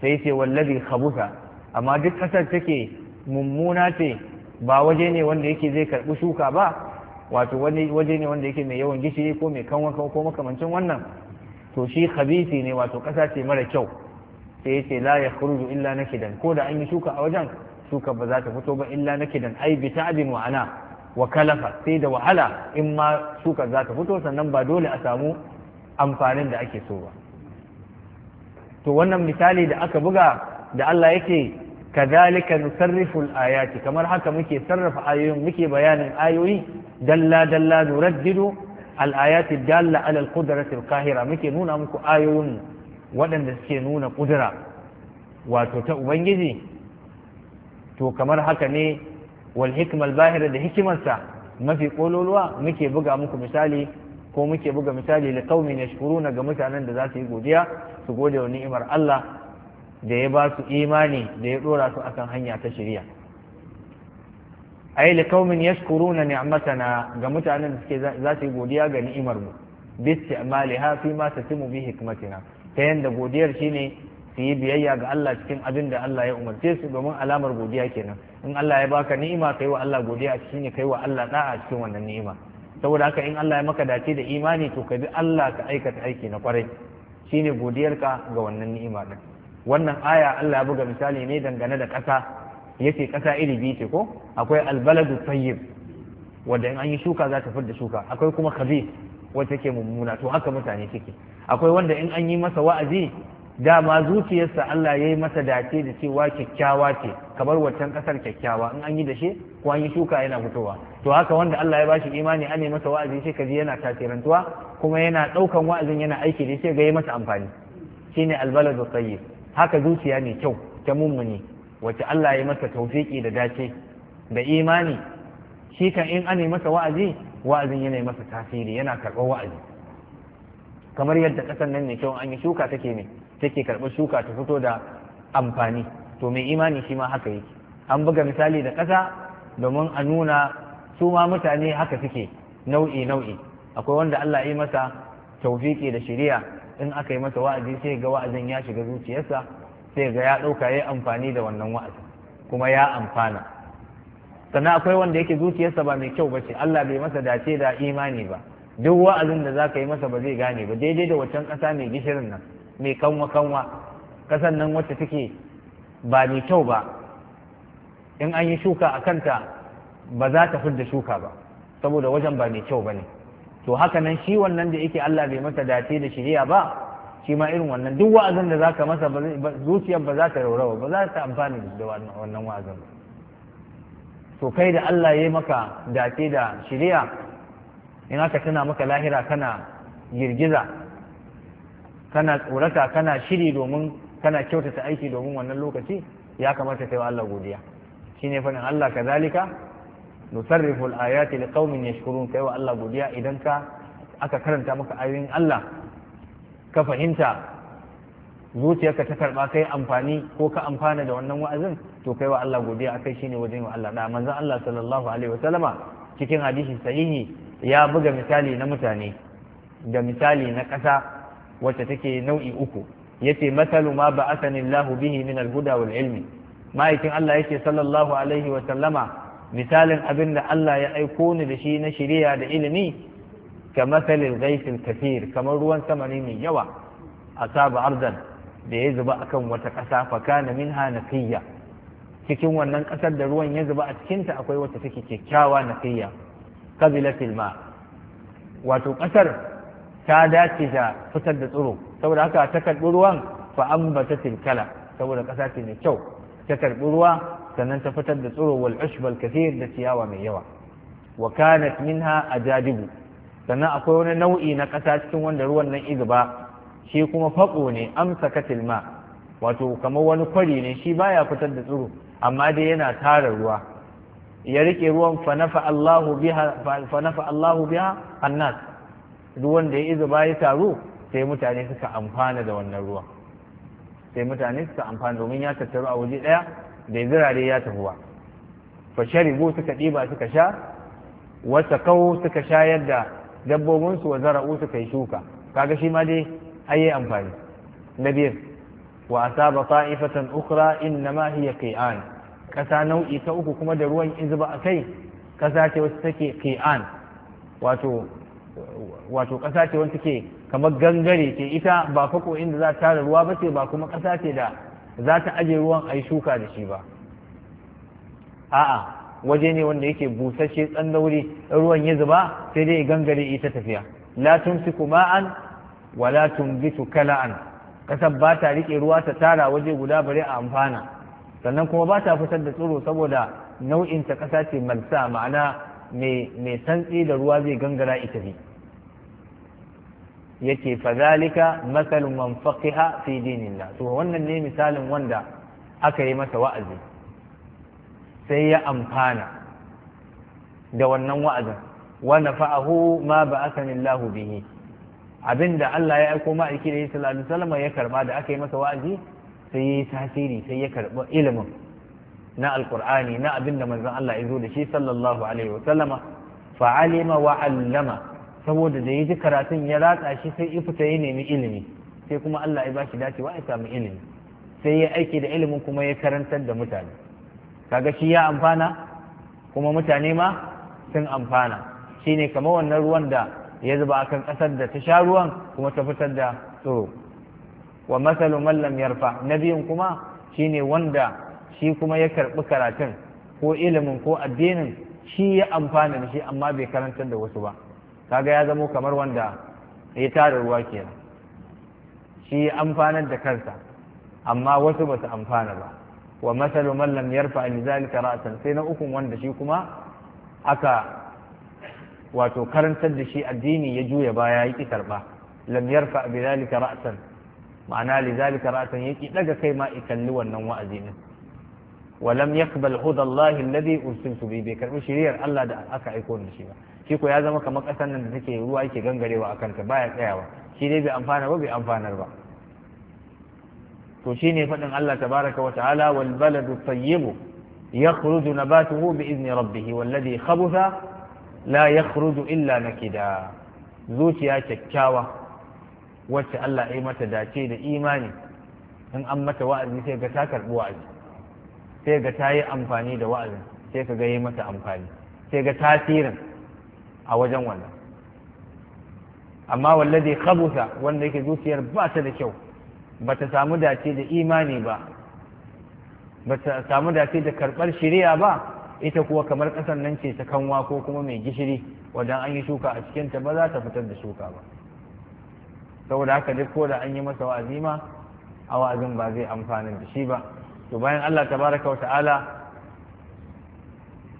sai ce wallazi khabusa amma duk ƙasar take mummuna ce ba waje ne wanda yake zai karɓi shuka ba wato wani waje ne wanda yake mai yawan gishiri ko mai kanwa ko makamancin wannan to shi khabisi ne wato ƙasa ce mara kyau sai ya ce la ya illa nakidan ko da an yi shuka a wajen shuka ba za ta fito ba illa nake dan ai bi ta'bin wa ana wa kalafa sai da wahala in ma shuka za ta fito sannan ba dole a samu amfanin da ake so ba to wannan misali da aka buga da Allah yake kadhalika nusarrifu ayati kamar haka muke sarrafa ayoyin muke bayanin ayoyi dalla dalla nuraddidu al-ayati dalla ala al-qudrati al-qahira muke nuna muku ayoyin waɗanda suke nuna kudura wato ta ubangiji to kamar haka ne wal hikmal bahira da hikimarsa mafi kololuwa muke buga muku misali ko muke buga misali li qaumin yashkuruna ga mutanen da za su yi godiya su gode wa ni'imar Allah da ya ba su imani da ya dora su akan hanya ta shirya? ai li qaumin yashkuruna ni'amatana ga mutanen da suke za su yi godiya ga ni'imar mu bi istimaliha fi ma tatimu bi hikmatina ta yanda godiyar shine su yi biyayya ga Allah cikin abin da Allah ya umarce su domin alamar godiya kenan in Allah ya baka ni'ima kai wa Allah godiya ka kai wa Allah da'a cikin wannan ni'ima saboda haka in Allah ya maka dace da imani to ka bi Allah ka aikata aiki na kwarai godiyar ka ga wannan ni'ima din wannan aya Allah ya buga misali ne dangane da ƙasa yace ƙasa iri biyu ce ko akwai albaladu tayyib wanda in an yi shuka za ta fidda shuka akwai kuma khabith wacce ke mummuna to haka mutane suke akwai wanda in an yi masa wa'azi dama zuciyarsa Allah ya yi masa dace da cewa kyakkyawa ce kamar waccan kasar kyakkyawa in an yi da shi ko an yi shuka yana fitowa to haka wanda Allah ya bashi imani an masa wa'azi sai kaji yana tasirantuwa kuma yana ɗaukan wa'azin yana aiki da shi ga yi masa amfani shine albaladu tayyib haka zuciya ne kyau ta mummuni wacce Allah ya masa tawfiki da dace da imani shi kan in an masa wa'azi wa'azin yana masa tasiri yana karɓar wa'azi kamar yadda ƙasar nan ne kyau an yi shuka take ne take karɓi shuka ta fito da amfani to mai imani shi ma haka yake an buga misali da ƙasa domin a nuna su ma mutane haka suke nau'i nau'i akwai wanda Allah yi masa taufiki da shiriya in aka yi masa wa'azi sai ga wa'azin ya shiga zuciyarsa sai ga ya ɗauka ya amfani da wannan wa'azi kuma ya amfana sannan akwai wanda yake zuciyarsa ba mai kyau ba ce Allah bai masa dace da imani ba duk wa'azin da za ka yi masa ba zai gane ba daidai da waccan ƙasa mai gishirin nan mai kanwa-kanwa kasan nan wacce take ba mai kyau ba in an yi shuka a kanta ba za ta fidda shuka ba saboda wajen ba mai kyau ba ne to haka nan shi wannan da yake Allah bai masa dace da shiriya ba shi ma irin wannan duk wa'azin da zaka masa zuciyar ba za ta raurawa ba za ta amfani da wannan wa'azin ba to kai da Allah ya maka dace da shiriya in aka tana maka lahira kana girgiza kana tsorata kana shiri domin kana kyautata aiki domin wannan lokaci ya kamata kai wa Allah godiya shine fadin Allah ka zalika nusarrifu al-ayati liqaumin yashkurun kai wa Allah godiya idan ka aka karanta maka ayoyin Allah ka fahimta zuciyarka ta karba kai amfani ko ka amfana da wannan wa'azin to kai wa Allah godiya akai shine wajen wa Allah da manzon Allah sallallahu alaihi wasallama cikin hadisi sahihi ya buga misali na mutane da misali na ƙasa wacce take nau'i uku yace matalu ma ba'athani Allah bihi min al-huda wal ilmi ma'aikin Allah yake sallallahu alaihi wa sallama misalin abin da Allah ya aiko ni da shi na shiriya da ilimi ka masalin gaisin kafir kamar ruwan sama ne mai yawa a saba arzan da ya zuba akan wata ƙasa faka na minha nafiya cikin wannan ƙasar da ruwan ya zuba a cikinta akwai wata take kyakkyawa nafiya kabilatil ma wato ƙasar ta dace da fitar da tsiro saboda haka ta karɓi ruwan fa ambata tilkala saboda ƙasa ce mai kyau ta karɓi ruwa sannan ta fitar da tsiro wal ushbal kathir da ciyawa mai yawa wa kanat minha ajadibu sannan akwai wani nau'i na ƙasa cikin wanda ruwan nan izba shi kuma faƙo ne amsakatil ma wato kamar wani kwari ne shi baya fitar da tsiro amma dai yana tara ruwa ya rike ruwan fanafa Allahu biha annas duk wanda ya izuba ya taru sai mutane suka amfana da wannan ruwan sai mutane suka amfana domin ya tattaru a waje ɗaya da zirare ya tafi ba fa sharibu suka ɗiba suka sha wata kau suka shayar da dabbobinsu wa zara'u suka yi shuka kaga shi ma dai ayi amfani na biyar wa asaba ta'ifatan ukhra innama hiya qi'an kasa nau'i ta uku kuma da ruwan izuba a kai kasa ce wacce take qi'an wato wato ƙasa ce wanda ke kamar gangare ke ita ba fako inda za ta tara ruwa ba ce ba kuma ƙasa ce da za ta aje ruwan a shuka da shi ba a'a waje ne wanda yake busasshe tsandauri ruwan ya zuba sai dai gangare ita tafiya la tumsiku ma'an wa la tumbitu kala'an kasar ba ta rike ruwa ta tara waje guda bare a amfana sannan kuma ba ta fitar da tsoro saboda nau'in ta kasa ce malsa ma'ana mai santsi da ruwa zai gangara ita biyu yake fazalika masalun man faqiha fi dinillah to wannan ne misalin wanda aka yi masa wa'azi sai ya amfana da wannan wa'azin wa nafa'ahu ma ba'athani Allahu bihi abinda Allah ya aiko ma'aiki da sallallahu alaihi wasallam ya karba da aka yi masa wa'azi sai ya yi tasiri sai ya karba ilimin na alkur'ani na abinda da manzon Allah ya zo da shi sallallahu alaihi wa wasallama fa'alima wa allama saboda da ya ji karatun ya ratsa shi sai ya fita ya nemi ilimi sai kuma Allah ya bashi dacewa ya samu ilimi sai ya aiki da ilimin kuma ya karantar da mutane kaga shi ya amfana kuma mutane ma sun amfana shine kamar wannan ruwan da ya zuba akan kasar da ta sha ruwan kuma ta fitar da tsoro wa masalu man lam yarfa nabiyin kuma shine wanda shi kuma ya karbi karatun ko ilimin ko addinin shi ya amfana da shi amma bai karantar da wasu ba kaga ya zamo kamar wanda ya tara ruwa kenan shi amfanar da kansa amma wasu ba su amfana ba wa masalu man lam yarfa an zalika ra'san sai na ukun wanda shi kuma aka wato karantar da shi addini ya juya baya yaki karba lam yarfa bi zalika ra'san ma'ana li zalika ra'san yaki daga kai ma ikalli wannan wa'azi ne yakbal lam ladi huda Allah alladhi ursiltu shiriyar Allah da aka aiko da shi ba shi ko ya zama kamar ƙasar nan da take ruwa yake gangarewa a kanta baya tsayawa shi dai bai amfana ba bai amfanar ba to shi ne faɗin Allah tabaraka wa ta'ala wal baladu tayyibu yakhruju nabatuhu bi izni rabbih walladhi khabutha la yakhruju illa nakida zuciya kyakkyawa wacce Allah ya yi mata dace da imani in an mata wa'azi sai ga ta karɓi wa'azi sai ga ta yi amfani da wa'azin sai ka ga yi mata amfani sai ga tasirin a wajen wannan amma wallazi khabusa wanda yake zuciyar ba ta da kyau ba ta samu dace da imani ba ba ta samu dace da karɓar shari'a ba ita kuwa kamar ƙasar nan ce ta kanwa ko kuma mai gishiri wajen an yi shuka a cikinta ba za ta fitar da shuka ba saboda haka duk ko da an yi masa wa'azi ma a wa'azin ba zai amfana da shi ba to bayan Allah tabaraka wa ta'ala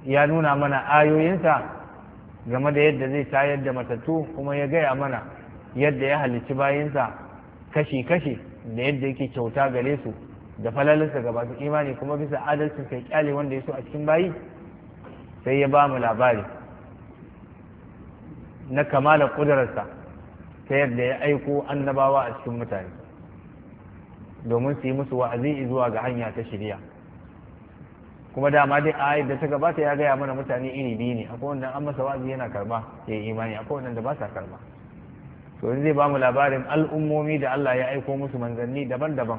ya nuna mana ayoyinsa game da yadda zai tayar da matattu kuma ya gaya mana yadda ya halicci bayinsa kashi-kashi da yadda yake kyauta gare su da falalinsa ga basu imani kuma bisa adalcin kai kyale wanda ya so a cikin bayi sai ya ba mu labari na kamala kudurarsa ta yadda ya aiko annabawa a cikin mutane domin su yi musu wa'azi zuwa ga hanya ta shirya kuma dama dai a ta gabata ya gaya mana mutane iri biyu ne akwai wanda an masa wazi yana karba ya yi imani akwai wanda ba sa karba to yanzu zai bamu labarin al'ummomi da Allah ya aiko musu manzanni daban-daban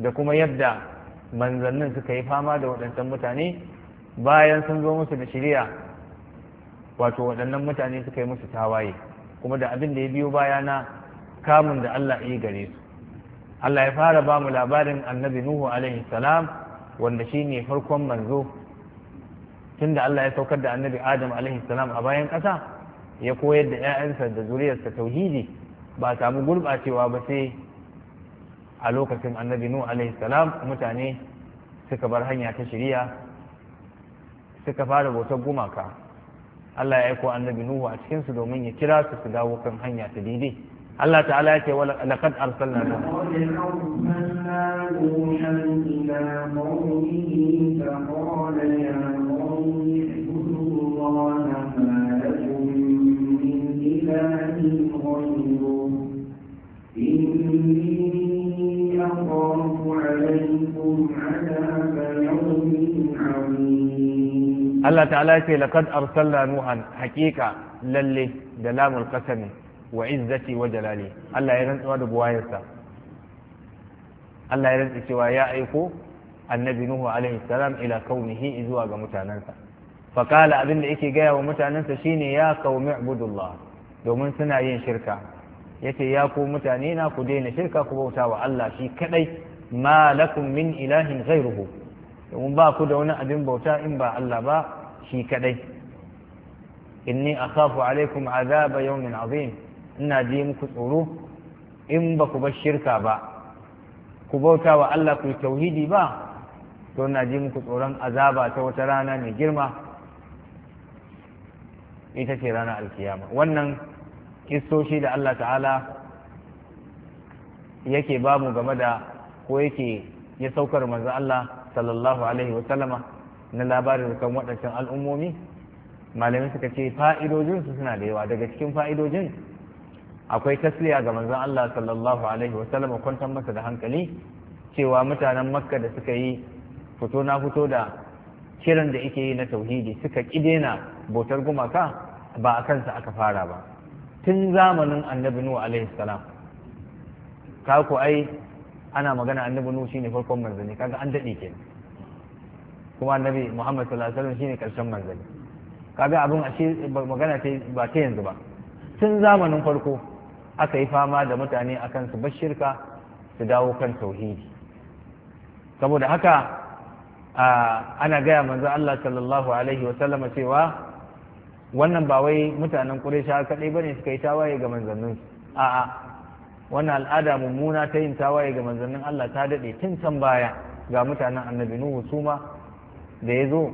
da kuma yadda manzannin suka yi fama da waɗancan mutane bayan sun zo musu da shirya wato waɗannan mutane suka yi musu tawaye kuma da abin da ya biyo baya na kamun da Allah ya gare su Allah ya fara bamu labarin annabi Nuhu alaihi salam wanda shi ne farkon manzo tun da Allah ya saukar da annabi Adam alaihi salam a bayan ƙasa ya koyar da 'ya'yansa da zuriyarsa tauhidi ba samu gurɓacewa ba sai a lokacin annabi nu salam mutane suka bar hanya ta shiriya suka fara bautar gumaka Allah ya aiko annabi Nuhu a cikinsu domin ya kira su su dawo kan hanya ta daidai Allah ta'ala ya ce wa laqad arsalna نوحا إلى قومه فقال يا قوم اعبدوا الله ما لكم من إله غيره إني أخاف عليكم عذاب يوم عظيم Allah ta'ala ce laqad arsalna nuhan haqiqa lalle da lamul qasami wa izzati wa jalali Allah ya rantsuwa da buwayarsa Allah ya rantsa cewa ya aiko annabi Nuhu alaihi salam ila kaunihi zuwa ga mutanensa fakala abin da yake gaya wa mutanensa shine ya kaumi ibudullah domin suna yin shirka yace ya ku mutane na ku daina shirka ku bauta wa Allah shi kadai ma lakum min ilahin ghairuhu domin ba ku da wani abin bauta in ba Allah ba shi kadai inni akhafu alaikum azaba yawmin azim ina ji muku tsoro in ba ku bar shirka ba ku bauta wa Allah ku tauhidi ba to na ji muku tsoron azaba ta wata rana mai girma ita ce rana alkiyama wannan kistoshi da Allah ta'ala yake ba mu game da ko yake ya saukar manzo Allah sallallahu alaihi wa sallama na labarin kan waɗancan al'ummomi malamai suka ce fa'idojinsu suna da yawa daga cikin fa'idojin akwai tasliya ga manzon Allah sallallahu alaihi wa sallam kwantar masa da hankali cewa mutanen makka da suka yi fito na fito da kiran da yake yi na tauhidi suka kidena bautar gumaka ba a kansa aka fara ba tun zamanin annabi nuhu alaihi salam ka ku ai ana magana annabi nuhu shine farkon manzanni kaga an dade ke kuma annabi muhammad sallallahu alaihi wasallam shine karshen manzanni kaga abin ashe magana ta ba ta yanzu ba tun zamanin farko aka yi fama da mutane akan su bar shirka su dawo kan tauhidi saboda haka ana gaya manzo Allah sallallahu alaihi wa sallama cewa wannan ba wai mutanen kaɗai ba bane suka yi tawaye ga manzannin a'a wannan al'ada mummuna ta yin tawaye ga manzannin Allah ta dade tun can baya ga mutanen Annabi Nuhu suma da ya zo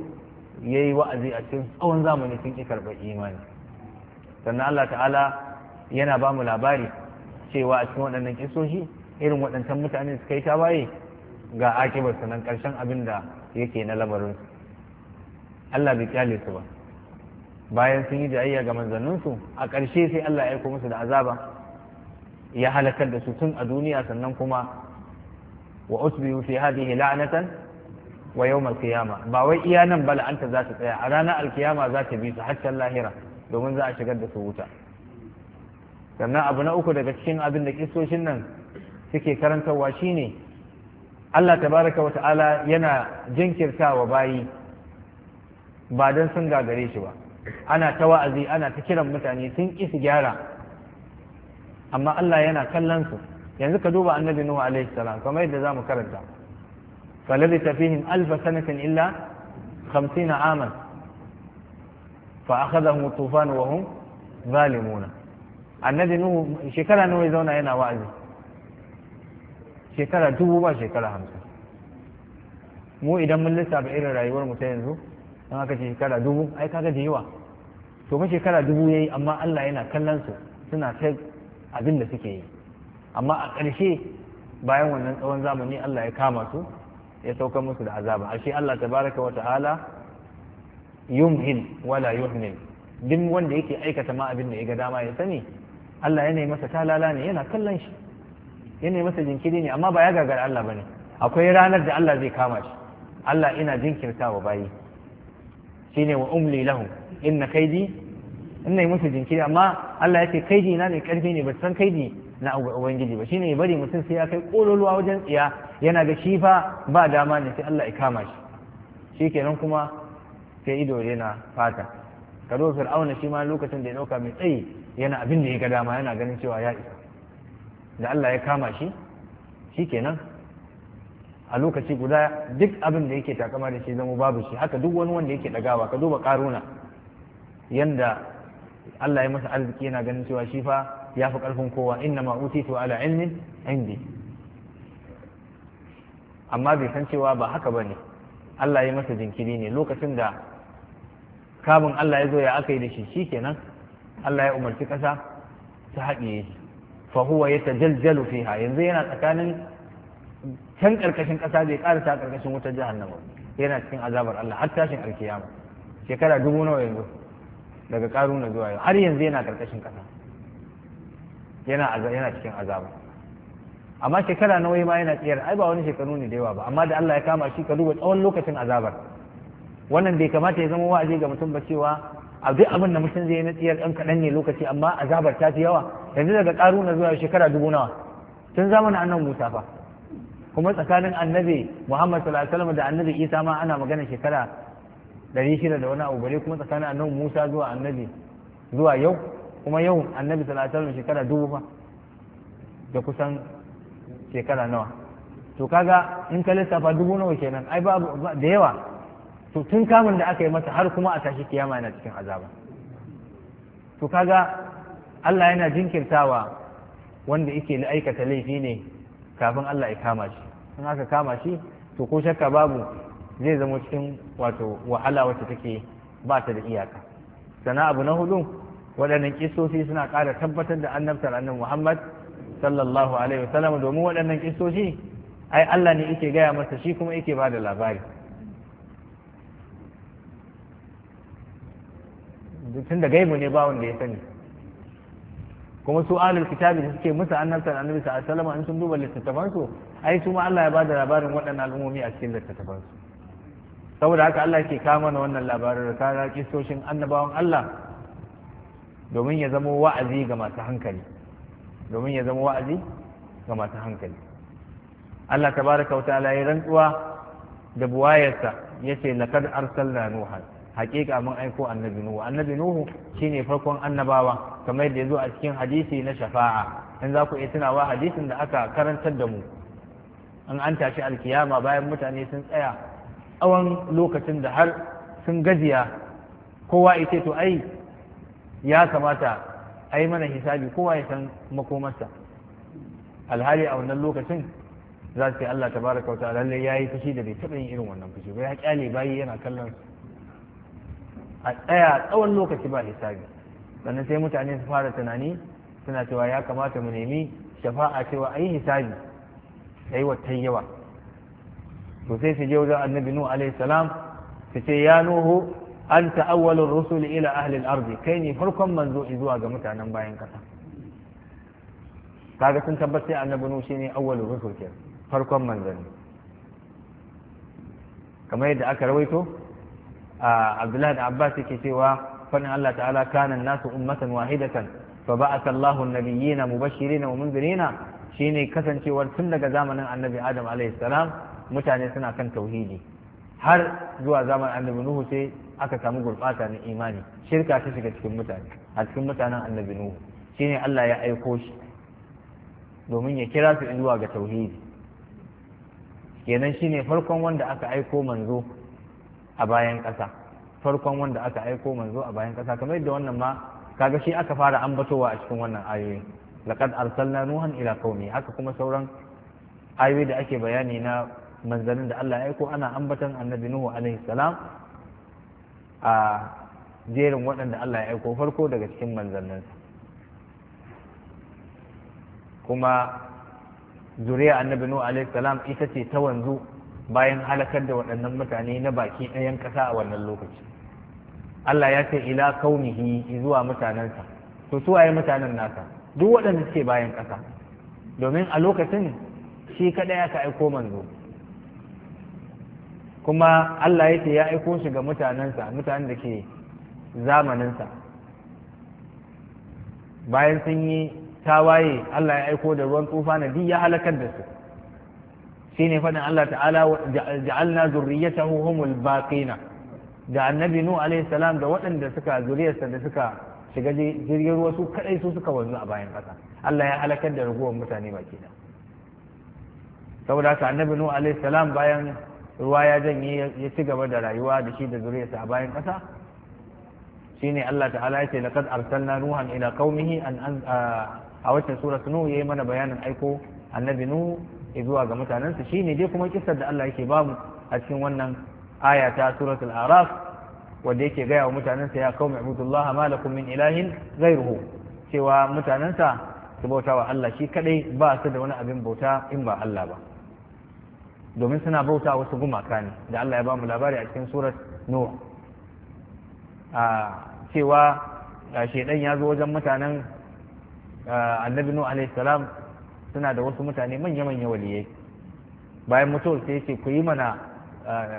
ya yi wa'azi a cikin tsawon zamani sun ƙi karɓar imani sannan Allah ta'ala yana ba mu labari cewa a cikin waɗannan kisoshi irin waɗancan mutane suka yi tawaye ga akibar sanan ƙarshen abin da yake na lamarin Allah bai kyale su ba bayan sun yi jayayya ga manzanninsu a ƙarshe sai Allah ya aiko musu da azaba ya halakar da su tun a duniya sannan kuma wa usbihu fi hadhihi la'natan wa yawm al qiyamah ba wai iya nan ba la'anta za ta tsaya a ranar alkiyama za ta bi su hatta lahira domin za a shigar da su wuta sannan abu na uku daga cikin abin da kistocin nan suke karantarwa shine Allah tabaraka wa ta'ala yana jinkirtawa bayi ba don sun gagare shi ba ana ta wa'azi ana ta kiran mutane sun ƙi su gyara amma Allah yana kallon su yanzu ka duba annabi Nuhu alaihi salam kamar yadda zamu karanta فلبث فيهم illa سنة إلا خمسين عاما فأخذهم الطوفان وهم ظالمون annabi nuhu shekara nawa ya zauna yana wa'azi shekara dubu ba shekara hamsin mu idan mun lissafa irin rayuwar mu ta yanzu don aka ce shekara dubu ai kaga da yawa to fa shekara dubu yayi amma Allah yana kallon su suna ta abin da suke yi amma a ƙarshe bayan wannan tsawon zamani Allah ya kama su ya saukar musu da azaba ashe Allah tabaraka wa ta'ala yumhin wala yuhnin duk wanda yake aikata ma abin da ya ga dama ya sani Allah yana yi masa talala ne yana kallon shi yana yi masa jinkiri ne amma ba ya gagar Allah ba ne akwai ranar da Allah zai kama shi Allah ina jinkirta wa bayi Shi ne wa umli lahum inna kaidi ina yi masa jinkiri amma Allah ya ce kaidi na ne karfi ne ba san kaidi na ubangiji ba shi ya bari mutum sai ya kai kololuwa wajen tsiya yana ga shi fa ba dama ne sai Allah ya kama shi Shi kenan kuma sai ido yana fata ka zo fir'auna shi ma lokacin da ya dauka mai tsayi yana abin da ya ga dama yana ganin cewa ya isa da Allah ya kama shi shi kenan a lokaci guda duk abin da yake takama da shi zama babu shi haka duk wani wanda yake dagawa ka duba karuna yanda Allah ya masa arziki yana ganin cewa shi fa ya fi karfin kowa inna ma utitu ala ilmin indi amma bai san cewa ba haka bane Allah ya masa jinkiri ne lokacin da kamun Allah ya zo ya aka yi da shi shi kenan. Allah ya umarci ƙasa ta haɗiye shi fa huwa yatajaljalu fiha yanzu yana tsakanin can ƙarƙashin ƙasa bai ta ƙarƙashin wutar jahannama yana cikin azabar Allah har tashin alkiyama shekara dubu nawa yanzu daga ƙaruna zuwa yau har yanzu yana ƙarƙashin ƙasa yana yana cikin azaba amma shekara nawa ma yana tsayar ai ba wani shekaru ne da yawa ba amma da Allah ya kama shi ka duba tsawon lokacin azabar wannan bai kamata ya zama wa'azi ga mutum ba cewa a duk abin da mutum zai yi na tsiyar ɗan kaɗan ne lokaci amma azabar ta fi yawa yanzu daga ƙaruna zuwa shekara dubu nawa tun zamanin annan musa fa kuma tsakanin annabi muhammad sallallahu alaihi wasallam da annabi isa ma ana magana shekara ɗari shida da wani abu bare kuma tsakanin annabi musa zuwa annabi zuwa yau kuma yau annabi sallallahu alaihi wasallam shekara dubu fa da kusan shekara nawa to kaga in ka lissafa dubu nawa kenan ai babu da yawa to tun kamun da aka yi masa har kuma a tashi kiyama yana cikin azaba to kaga Allah yana jinkirtawa wanda yake aikata laifi ne kafin Allah ya kama shi in aka kama shi to ko shakka babu zai zama cikin wato wahala wacce take ba ta da iyaka sana abu na hudu waɗannan kistoci suna ƙara tabbatar da annabtar annabi Muhammad sallallahu alaihi wasallam domin waɗannan kisoshi ai Allah ne yake gaya masa shi kuma yake bada labari tun da gaibu ne ba wanda ya sani kuma su alul kitabi da suke musu annabtar annabi sa asalama in sun duba littattafan su ai su ma Allah ya bada labarin waɗannan al'ummomi a cikin littattafan su saboda haka Allah ke kama na wannan labarin da kara kistoshin annabawan Allah domin ya zama wa'azi ga masu hankali domin ya zama wa'azi ga masu hankali Allah tabaraka wa ta'ala ya rantsuwa da buwayarsa yace laqad arsalna nuha haƙiƙa mun aiko annabi nuhu annabi nuhu shine farkon annabawa kamar yadda ya zo a cikin hadisi na shafa'a in za ku iya tunawa hadisin da aka karantar da mu in an tashi alkiyama bayan mutane sun tsaya tsawon lokacin da har sun gajiya kowa ita to ai ya kamata ai mana hisabi kowa ya san makomarsa alhali a wannan lokacin za su ce Allah tabaraka wa ta'ala ya yi fushi da bai taɓa yin irin wannan fushi ba ya kyale bayi yana kallon a tsaya tsawon lokaci ba hisabi sannan sai mutane su fara tunani suna cewa ya kamata mu nemi shafa'a cewa a yi hisabi yi wata yawa to sai su je wajen annabi nuhu alaihi salam su ce ya nuhu an ta'awwalur rusul ila ahli al-ardi kai ne farkon manzo zuwa ga mutanen bayan kasa kaga sun tabbatar annabi nuhu shine awwalur rusul farkon manzanni kamar yadda aka rawaito abdullahi da abbas yake cewa fadin allah ta'ala kanan nasu ummatan wahidatan fa na allahu an mu mubashirina wa munzirina shine kasancewar tun daga zamanin annabi adam alaihi salam mutane suna kan tauhidi har zuwa zamanin annabi nuhu sai aka samu gurbata na imani shirka ta shiga cikin mutane a cikin mutanen annabi nuhu shine allah ya aiko shi domin ya kira su zuwa ga tauhidi kenan shine farkon wanda aka aiko manzo a bayan ƙasa farkon wanda aka aiko manzo a bayan ƙasa kamar yadda wannan ma kaga shi aka fara ambatowa a cikin wannan ayoyi laqad arsalna nuhan ila qaumi haka kuma sauran ayoyi da ake bayani na manzanin da Allah ya aiko ana ambatan annabi nuhu alaihi salam a jerin waɗanda Allah ya aiko farko daga cikin manzanninsa kuma zuriya annabi nuhu alaihi salam ita ce ta wanzu bayan halakar da waɗannan mutane na baki ɗayan ƙasa a wannan lokaci Allah ya ce ila kaunihi zuwa mutanensa to su waye mutanen nasa duk waɗanda suke bayan ƙasa domin a lokacin shi kaɗai ka aiko manzo kuma Allah ya ce ya aiko shi ga mutanensa mutanen da ke zamaninsa bayan sun yi tawaye Allah ya aiko da ruwan tsufa na biyu ya halakar da su shine fadin Allah ta'ala ja'alna zurriyatahu humul baqina da annabi nu alayhi salam da waɗanda suka zuriyarsa da suka shiga jirgin ruwa su kadai su suka wanzu a bayan ƙasa Allah ya halakar da raguwar mutane baki da saboda haka annabi nu alayhi salam bayan ruwa ya janye ya ci gaba da rayuwa da shi da zuriyarsa a bayan ƙasa shine Allah ta'ala ya ce laqad arsalna ruhan ila qaumihi an a wata sura nuh yayi mana bayanin aiko annabi nu zuwa ga mutanensa shine dai kuma kisar da Allah yake bamu a cikin wannan aya ta suratul araf wanda yake gaya wa mutanensa ya kawo ma'budullaha ma lakum min ilahin ghairuhu cewa mutanensa su bauta wa Allah shi kadai ba su da wani abin bauta in ba Allah ba domin suna bauta wasu gumaka ne da Allah ya ba mu labari a cikin surat nuh a cewa shedan ya zo wajen mutanen annabi nuh alaihi salam suna da wasu mutane manya-manya waliyai bayan mutuwar sai ce ku yi mana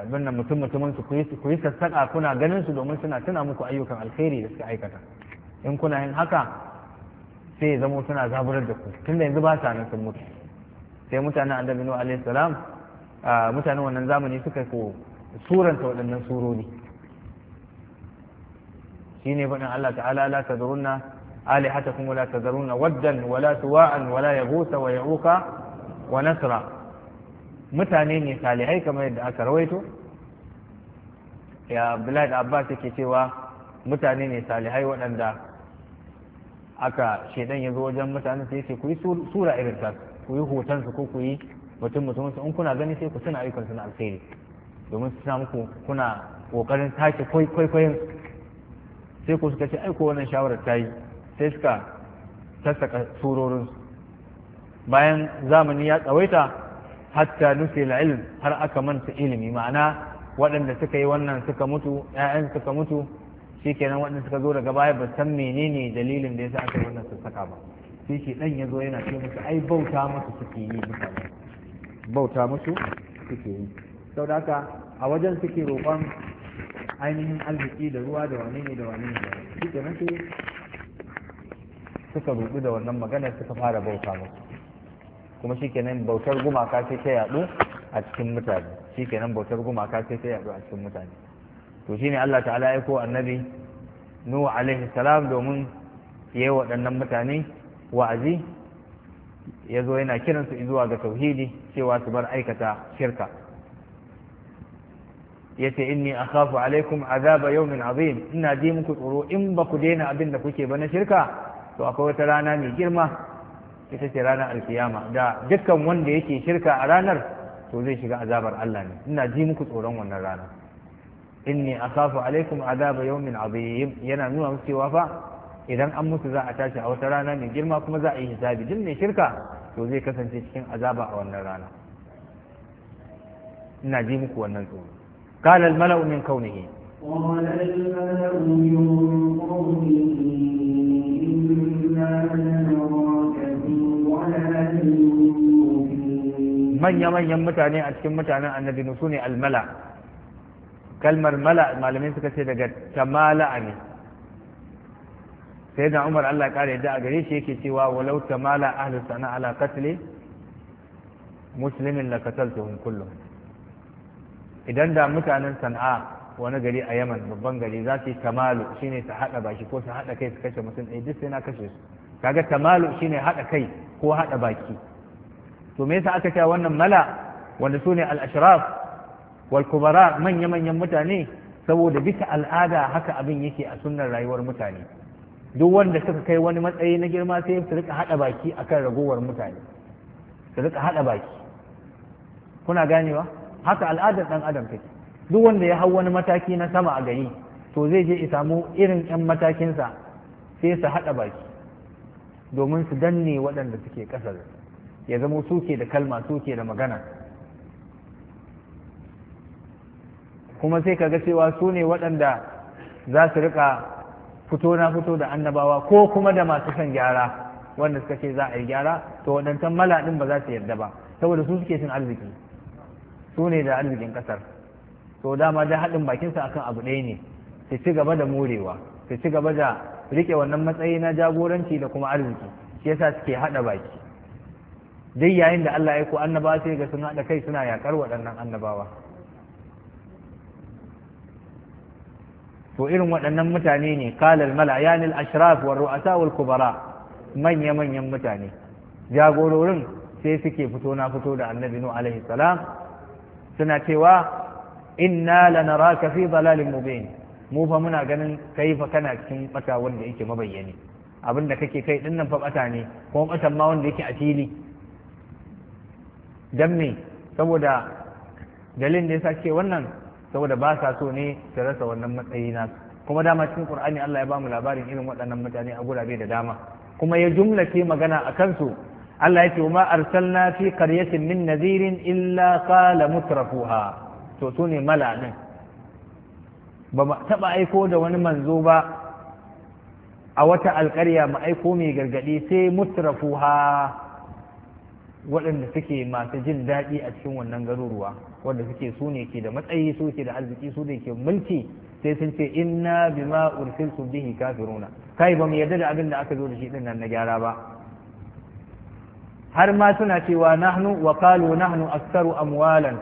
nuna mutum mutumin su ku yi sassaƙa kuna ganin su domin suna tuna muku ayyukan alkhairi da suka aikata in kuna yin haka sai ya zamo suna zaburar da ku tunda yanzu ba sa nan sun mutu sai mutanen annabi nuhu alaihi salam mutanen wannan zamani suka ko suranta waɗannan surori ne faɗin Allah ta'ala la tadrunna آلهتكم ولا تذرون ودا ولا سواء ولا يغوث ويعوق ونسرا mutane ne salihai kamar yadda aka rawaito ya abdullahi da abbas yake cewa mutane ne salihai aka shedan yanzu wajen mutane sai yake ku yi sura irin ta ku yi hoton su ko ku yi mutum mutum in kuna gani sai ku ayyukan ayyukansu na alkhairi domin su sa muku kuna kokarin take kwaikwayon sai ku suka ce aiko wannan shawarar ta yi sai suka sassaka surorin bayan zamani ya tsawaita hatta nusil ilm har aka manta ilimi ma'ana waɗanda suka yi wannan suka mutu ƴaƴan suka mutu shikenan waɗanda suka zo daga baya ba san menene dalilin da yasa aka yi wannan sassaka ba sai shi dan ya zo yana ce musu ai bauta musu suke yi mutane bauta musu suke yi sau da a wajen suke roƙon ainihin arziki da ruwa da wane ne da wane ne shi kenan sai suka rudu da wannan maganar suka fara bauta musu kuma shikenan bautar gumaka sai ta yadu a cikin mutane shikenan bautar gumaka sai ta yadu a cikin mutane to shine Allah ta'ala ya ko annabi Nuhu alaihi salam domin yayi waɗannan mutane wa'azi ya zo yana kiransu zuwa ga tauhidi cewa su bar aikata shirka ya ce inni akhafu alaikum azaba yawmin azim ina ji muku tsoro in ba ku daina abin da kuke ba na shirka to akwai wata rana mai girma ita ce ranar alkiyama da dukkan wanda yake shirka a ranar to zai shiga azabar Allah ne ina ji muku tsoron wannan rana inni akhafu alaikum azaba yawmin azim yana nuna musu cewa fa idan an mutu za a tashi a wata rana mai girma kuma za a yi hisabi duk mai shirka to zai kasance cikin azaba a wannan rana ina ji muku wannan tsoro قال الملأ من كونه قال الملأ من manya-manyan mutane a cikin mutanen annabi su ne almala kalmar mala malamai suka ce daga tamala ne sai da umar allah kare da a gare shi yake cewa walau tamala ahlus sana ala katli muslimin la qataltuhum kullum idan da mutanen sana'a wani gari a yaman babban gari za su yi tamalu shine su haɗa baki ko su haɗa kai su kashe mutum ɗaya duk sai na kashe su kaga tamalu shine haɗa kai ko haɗa baki to me yasa aka cewa wannan mala wanda su ne al-ashraf wal kubara manya manyan mutane saboda bisa al'ada haka abin yake a sunnar rayuwar mutane duk wanda suka kai wani matsayi na girma sai su rika haɗa baki akan ragowar mutane su rika haɗa baki kuna ganewa haka al'adar ɗan adam take duk wanda ya hau wani mataki na sama a gari to zai je ya samu irin 'yan matakinsa sai su haɗa baki domin su danne waɗanda suke ƙasa da ya zama suke da kalma suke da magana kuma sai ka ga cewa su ne waɗanda za su rika fito na fito da annabawa ko kuma da masu son gyara wanda suka ce za a yi gyara to waɗancan malaɗin ba za su yarda ba saboda su suke cin arziki su ne da arzikin ƙasar to dama da haɗin bakinsa akan abu ɗaya ne su ci gaba da morewa su ci gaba da rike wannan matsayi na jagoranci da kuma arziki shi yasa suke haɗa baki dai yayin da Allah ya ko annabawa sai ga sun haɗa kai suna yakar waɗannan annabawa to irin waɗannan mutane ne kalal mala yanil ashraf war ru'asa wal kubara manya manyan mutane jagororin sai suke fito na fito da annabi nu alaihi salam suna cewa inna lanaraka fi dalalin mubin mu fa muna ganin kai fa kana cikin bata wanda yake mabayyane abinda kake kai din nan fa bata ne ko bata ma wanda yake a fili dan me saboda dalilin da yasa ce wannan saboda ba sa so ne su rasa wannan matsayi na kuma dama cikin qur'ani Allah ya ba mu labarin irin waɗannan mutane a gurabe da dama kuma ya jumlace magana a kansu Allah ya ce ma arsalna fi qaryatin min nadhirin illa qala mutrafuha to su ne mala ba mu taɓa aiko da wani manzo ba a wata alƙarya mu aiko mai gargaɗi sai mutrafuha waɗanda suke masu jin daɗi a cikin wannan garuruwa wanda suke su ne ke da matsayi su ke da arziki su ne ke mulki sai sun ce inna bima ursiltu bihi kafiruna kai ba mu yarda da abin da aka zo da shi din nan na gyara ba har ma suna cewa nahnu wa qalu nahnu aktsaru amwalan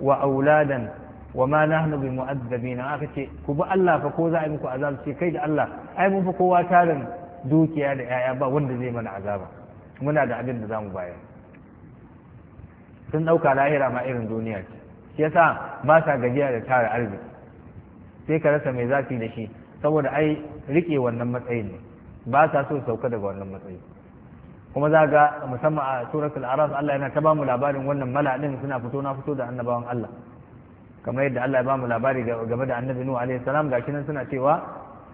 wa auladan wa ma nahnu bi mu'azzabina aka ce ku bi Allah fa ko za a yi muku azab ce kai da Allah ai mun fa kowa tarin dukiya da yaya ba wanda zai mana azaba muna da abin da za mu bayar sun ɗauka lahira ma irin duniya ce shi yasa ba sa gajiya da tara arziki sai ka rasa mai zafi da shi saboda ai rike wannan matsayin ne ba sa so sauka daga wannan matsayin kuma za ga musamman a suratul araf Allah yana ta bamu labarin wannan mala suna fito na fito da annabawan Allah kamar yadda Allah ya bamu labari game da annabi nuhu alaihi salam gashi nan suna cewa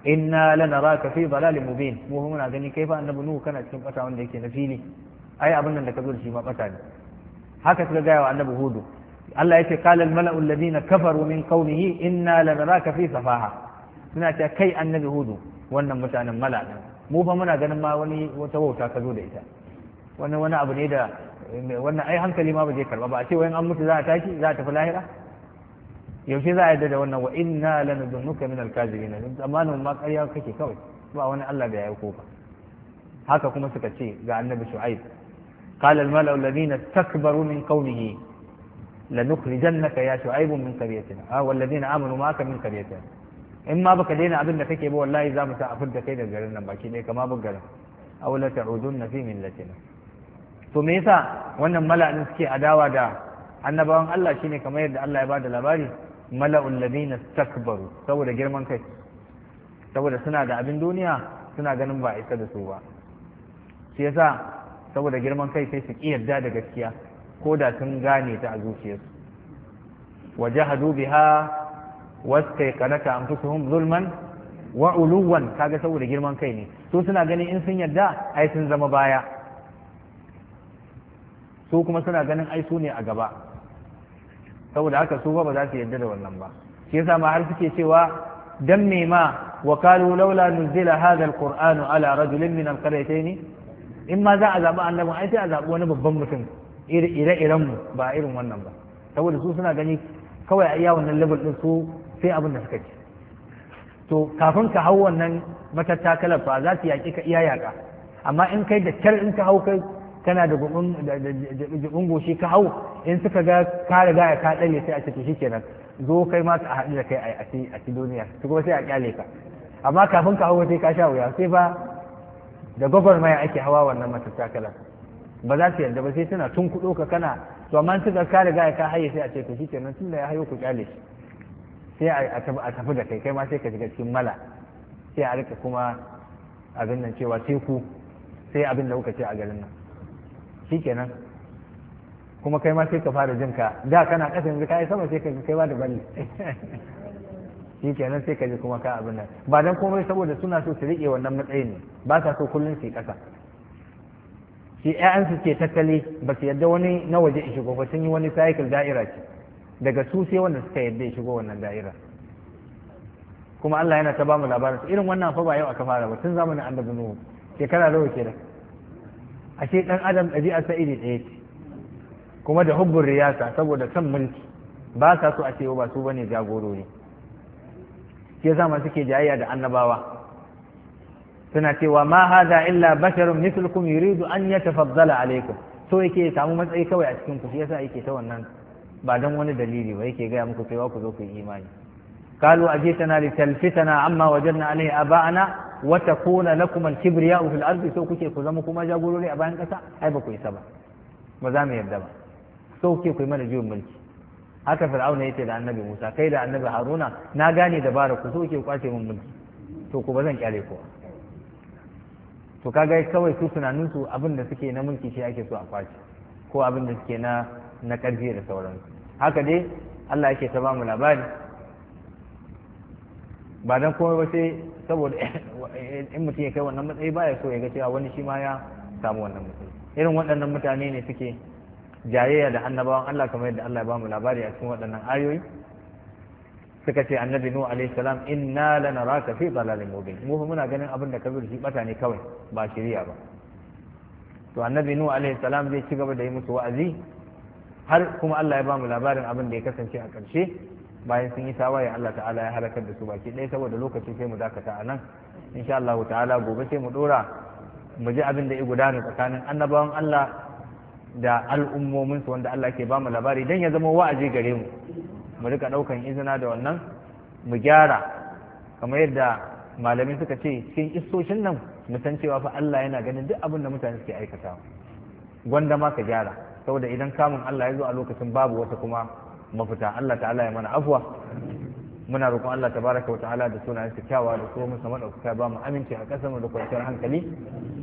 inna lanaraka fi dalalin mubin mu muna gani kai fa annabi nuhu kana cikin bata wanda yake na fili ai abin nan da ka zo da shi ma bata ne haka suka gaya wa annabi hudu Allah ya ce kalal mala'u alladhina kafaru min qawmihi inna lanaraka fi safaha suna cewa kai annabi hudu wannan mutanen mala mu fa muna ganin ma wani wata wauta ka zo da ita wani wani abu ne da wannan ai hankali ma ba zai karba ba a ce wayan an mutu za a tashi za a tafi lahira yaushe za a yarda da wannan wa inna lanadunnuka min amma nan ma ƙarya kake kawai ba wani Allah da ya yi kofa haka kuma suka ce ga annabi shu'aib قال الملأ الذين استكبروا من قومه لنخرجنك يا شعيب من قريتنا والذين آمنوا معك من قريتنا in ma baka daina abin da kake ba wallahi za mu sa a kai daga garin nan baki ne kama bin garin aw la ta'udun fi millatina to me yasa wannan mala'in suke adawa da annabawan Allah shine kamar yadda Allah ya bada labari mala'ul ladina takbaru saboda girman kai saboda suna da abin duniya suna ganin ba isa da su ba shi yasa saboda girman kai sai su ki yarda da gaskiya ko da sun gane ta a zuciyarsu wajahadu biha waskai kanata anfusuhum zulman wa uluwan kaga saboda girman kai ne su suna ganin in sun yadda ai sun zama baya su kuma suna ganin ai su ne a gaba saboda haka su ba za su yadda da wannan ba shi yasa ma har suke cewa dan me ma wa qalu laula nuzila hadha alqur'anu ala rajulin min alqaryatayn in ma za a zaɓi annabi ai sai a zaɓi wani babban mutum ire-iren mu ba irin wannan ba saboda su suna gani kawai a iya wannan level din su sai abin da suka ce to kafin ka hau wannan matattakalar fa za su yaƙi ka iya yaƙa amma in kai da kyar in ka hau kai kana da jibin goshi ka hau in suka ga ka riga ya ka ɗale sai a ce shi kenan zo kai ma a haɗu da kai a ci duniya su kuma sai a ƙyale ka amma kafin ka hau sai ka sha wuya sai ba da gwagwarmaya ake hawa wannan matattakalar ba za su yarda ba sai suna tun kuɗo ka kana to amma in suka ka riga ya ka haye sai a ce to shi kenan tun da ya hayo ku ƙyale shi sai a tafi da kai kai ma sai ka shiga cikin mala sai a rika kuma abin nan cewa teku sai abin da kuka ce a garin nan shi kenan kuma kai ma sai ka fara jin ka da kana ƙasa yanzu ka yi sama sai ka kai ba da shi kenan sai ka ji kuma ka abin nan ba dan komai saboda suna so su riƙe wannan matsayin ne ba sa so kullum su yi ƙasa shi ƴaƴansu ke tattali ba su yadda wani na waje shigo ba sun yi wani cycle da'ira ce daga su sai wanda suka yadda ya shigo wannan da'ira kuma Allah yana ta bamu labarin irin wannan fa ba yau aka fara ba tun zamanin annabi nuhu shekara nawa da. ashe dan adam ɗabi'ar sa iri ɗaya ce kuma da hubbun riyasa saboda son mulki ba sa so a ce ba su bane jagorori ke yasa suke jayayya da annabawa suna cewa ma hada illa basharun mithlukum yuridu an yatafaddala alaikum so yake samu matsayi kawai a cikin ku shi yasa yake ta wannan ba don wani dalili ba yake gaya muku cewa ku zo ku yi imani kalu aje tana ajitana litalfitana amma wajadna alaihi aba'ana wa takuna lakum al-kibriya'u fil ardi so kuke ku zama kuma jagorori a bayan kasa ai ba ku isa ba ba za mu yarda ba so kuke ku yi mana juyin mulki haka fir'auna yace da annabi Musa kai da annabi Haruna na gane dabara ku so kuke kwace min mulki to ku ba zan kyale ku to kaga kawai su tunaninsu abin da suke na mulki shi ake so a kwace ko abin da suke na na ƙarfi da sauransu haka dai Allah yake ta bamu labari ba dan komai ba sai saboda in mutum ya kai wannan matsayi baya so ya ga cewa wani shi ma ya samu wannan matsayi irin waɗannan mutane ne suke jayayya da annabawan Allah kamar yadda Allah ya bamu labari a cikin waɗannan ayoyi suka ce annabi nuhu alayhi salam inna lanaraka fi dalalin mubin mu muna ganin abin da kabir shi bata ne kawai ba shirya ba to annabi nuhu alayhi salam zai ci gaba da yi musu wa'azi har kuma Allah ya ba mu labarin abin da ya kasance a ƙarshe bayan sun yi tawaye Allah ta'ala ya halakar da su baki ɗaya saboda lokaci sai mu dakata a nan insha Allah ta'ala gobe sai mu dora mu ji abin da ya gudana tsakanin annabawan Allah da al'ummominsu wanda Allah ke ba mu labari dan ya zama wa'azi gare mu mu rika ɗaukan izina da wannan mu gyara kamar yadda malami suka ce cikin istoshin nan mu san cewa fa Allah yana ganin duk abin da mutane suke aikata gwanda ma ka gyara saboda idan kamun Allah ya zo a lokacin babu wata kuma mafita Allah ta'ala ya mana afuwa muna roƙon Allah ta baraka wa ta'ala da suna sa kyawa da kuma musamman ɗaukaka ba mu aminci a ƙasar da kwanciyar hankali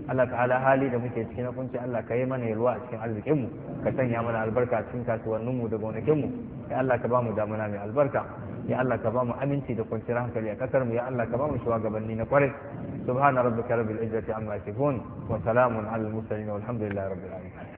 Allah ta'ala hali da muke cikin kunci Allah ka yi mana yalwa a cikin arzikinmu ka sanya mana albarka a cikin kasuwanninmu da gonakin ya Allah ka ba mu damuna mai albarka ya Allah ka ba mu aminci da kwanciyar hankali a ƙasar ya Allah ka ba mu shugabanni na kwarai subhana rabbika rabbil izzati amma yasifun wa salamun alal mursalin walhamdulillahi rabbil alamin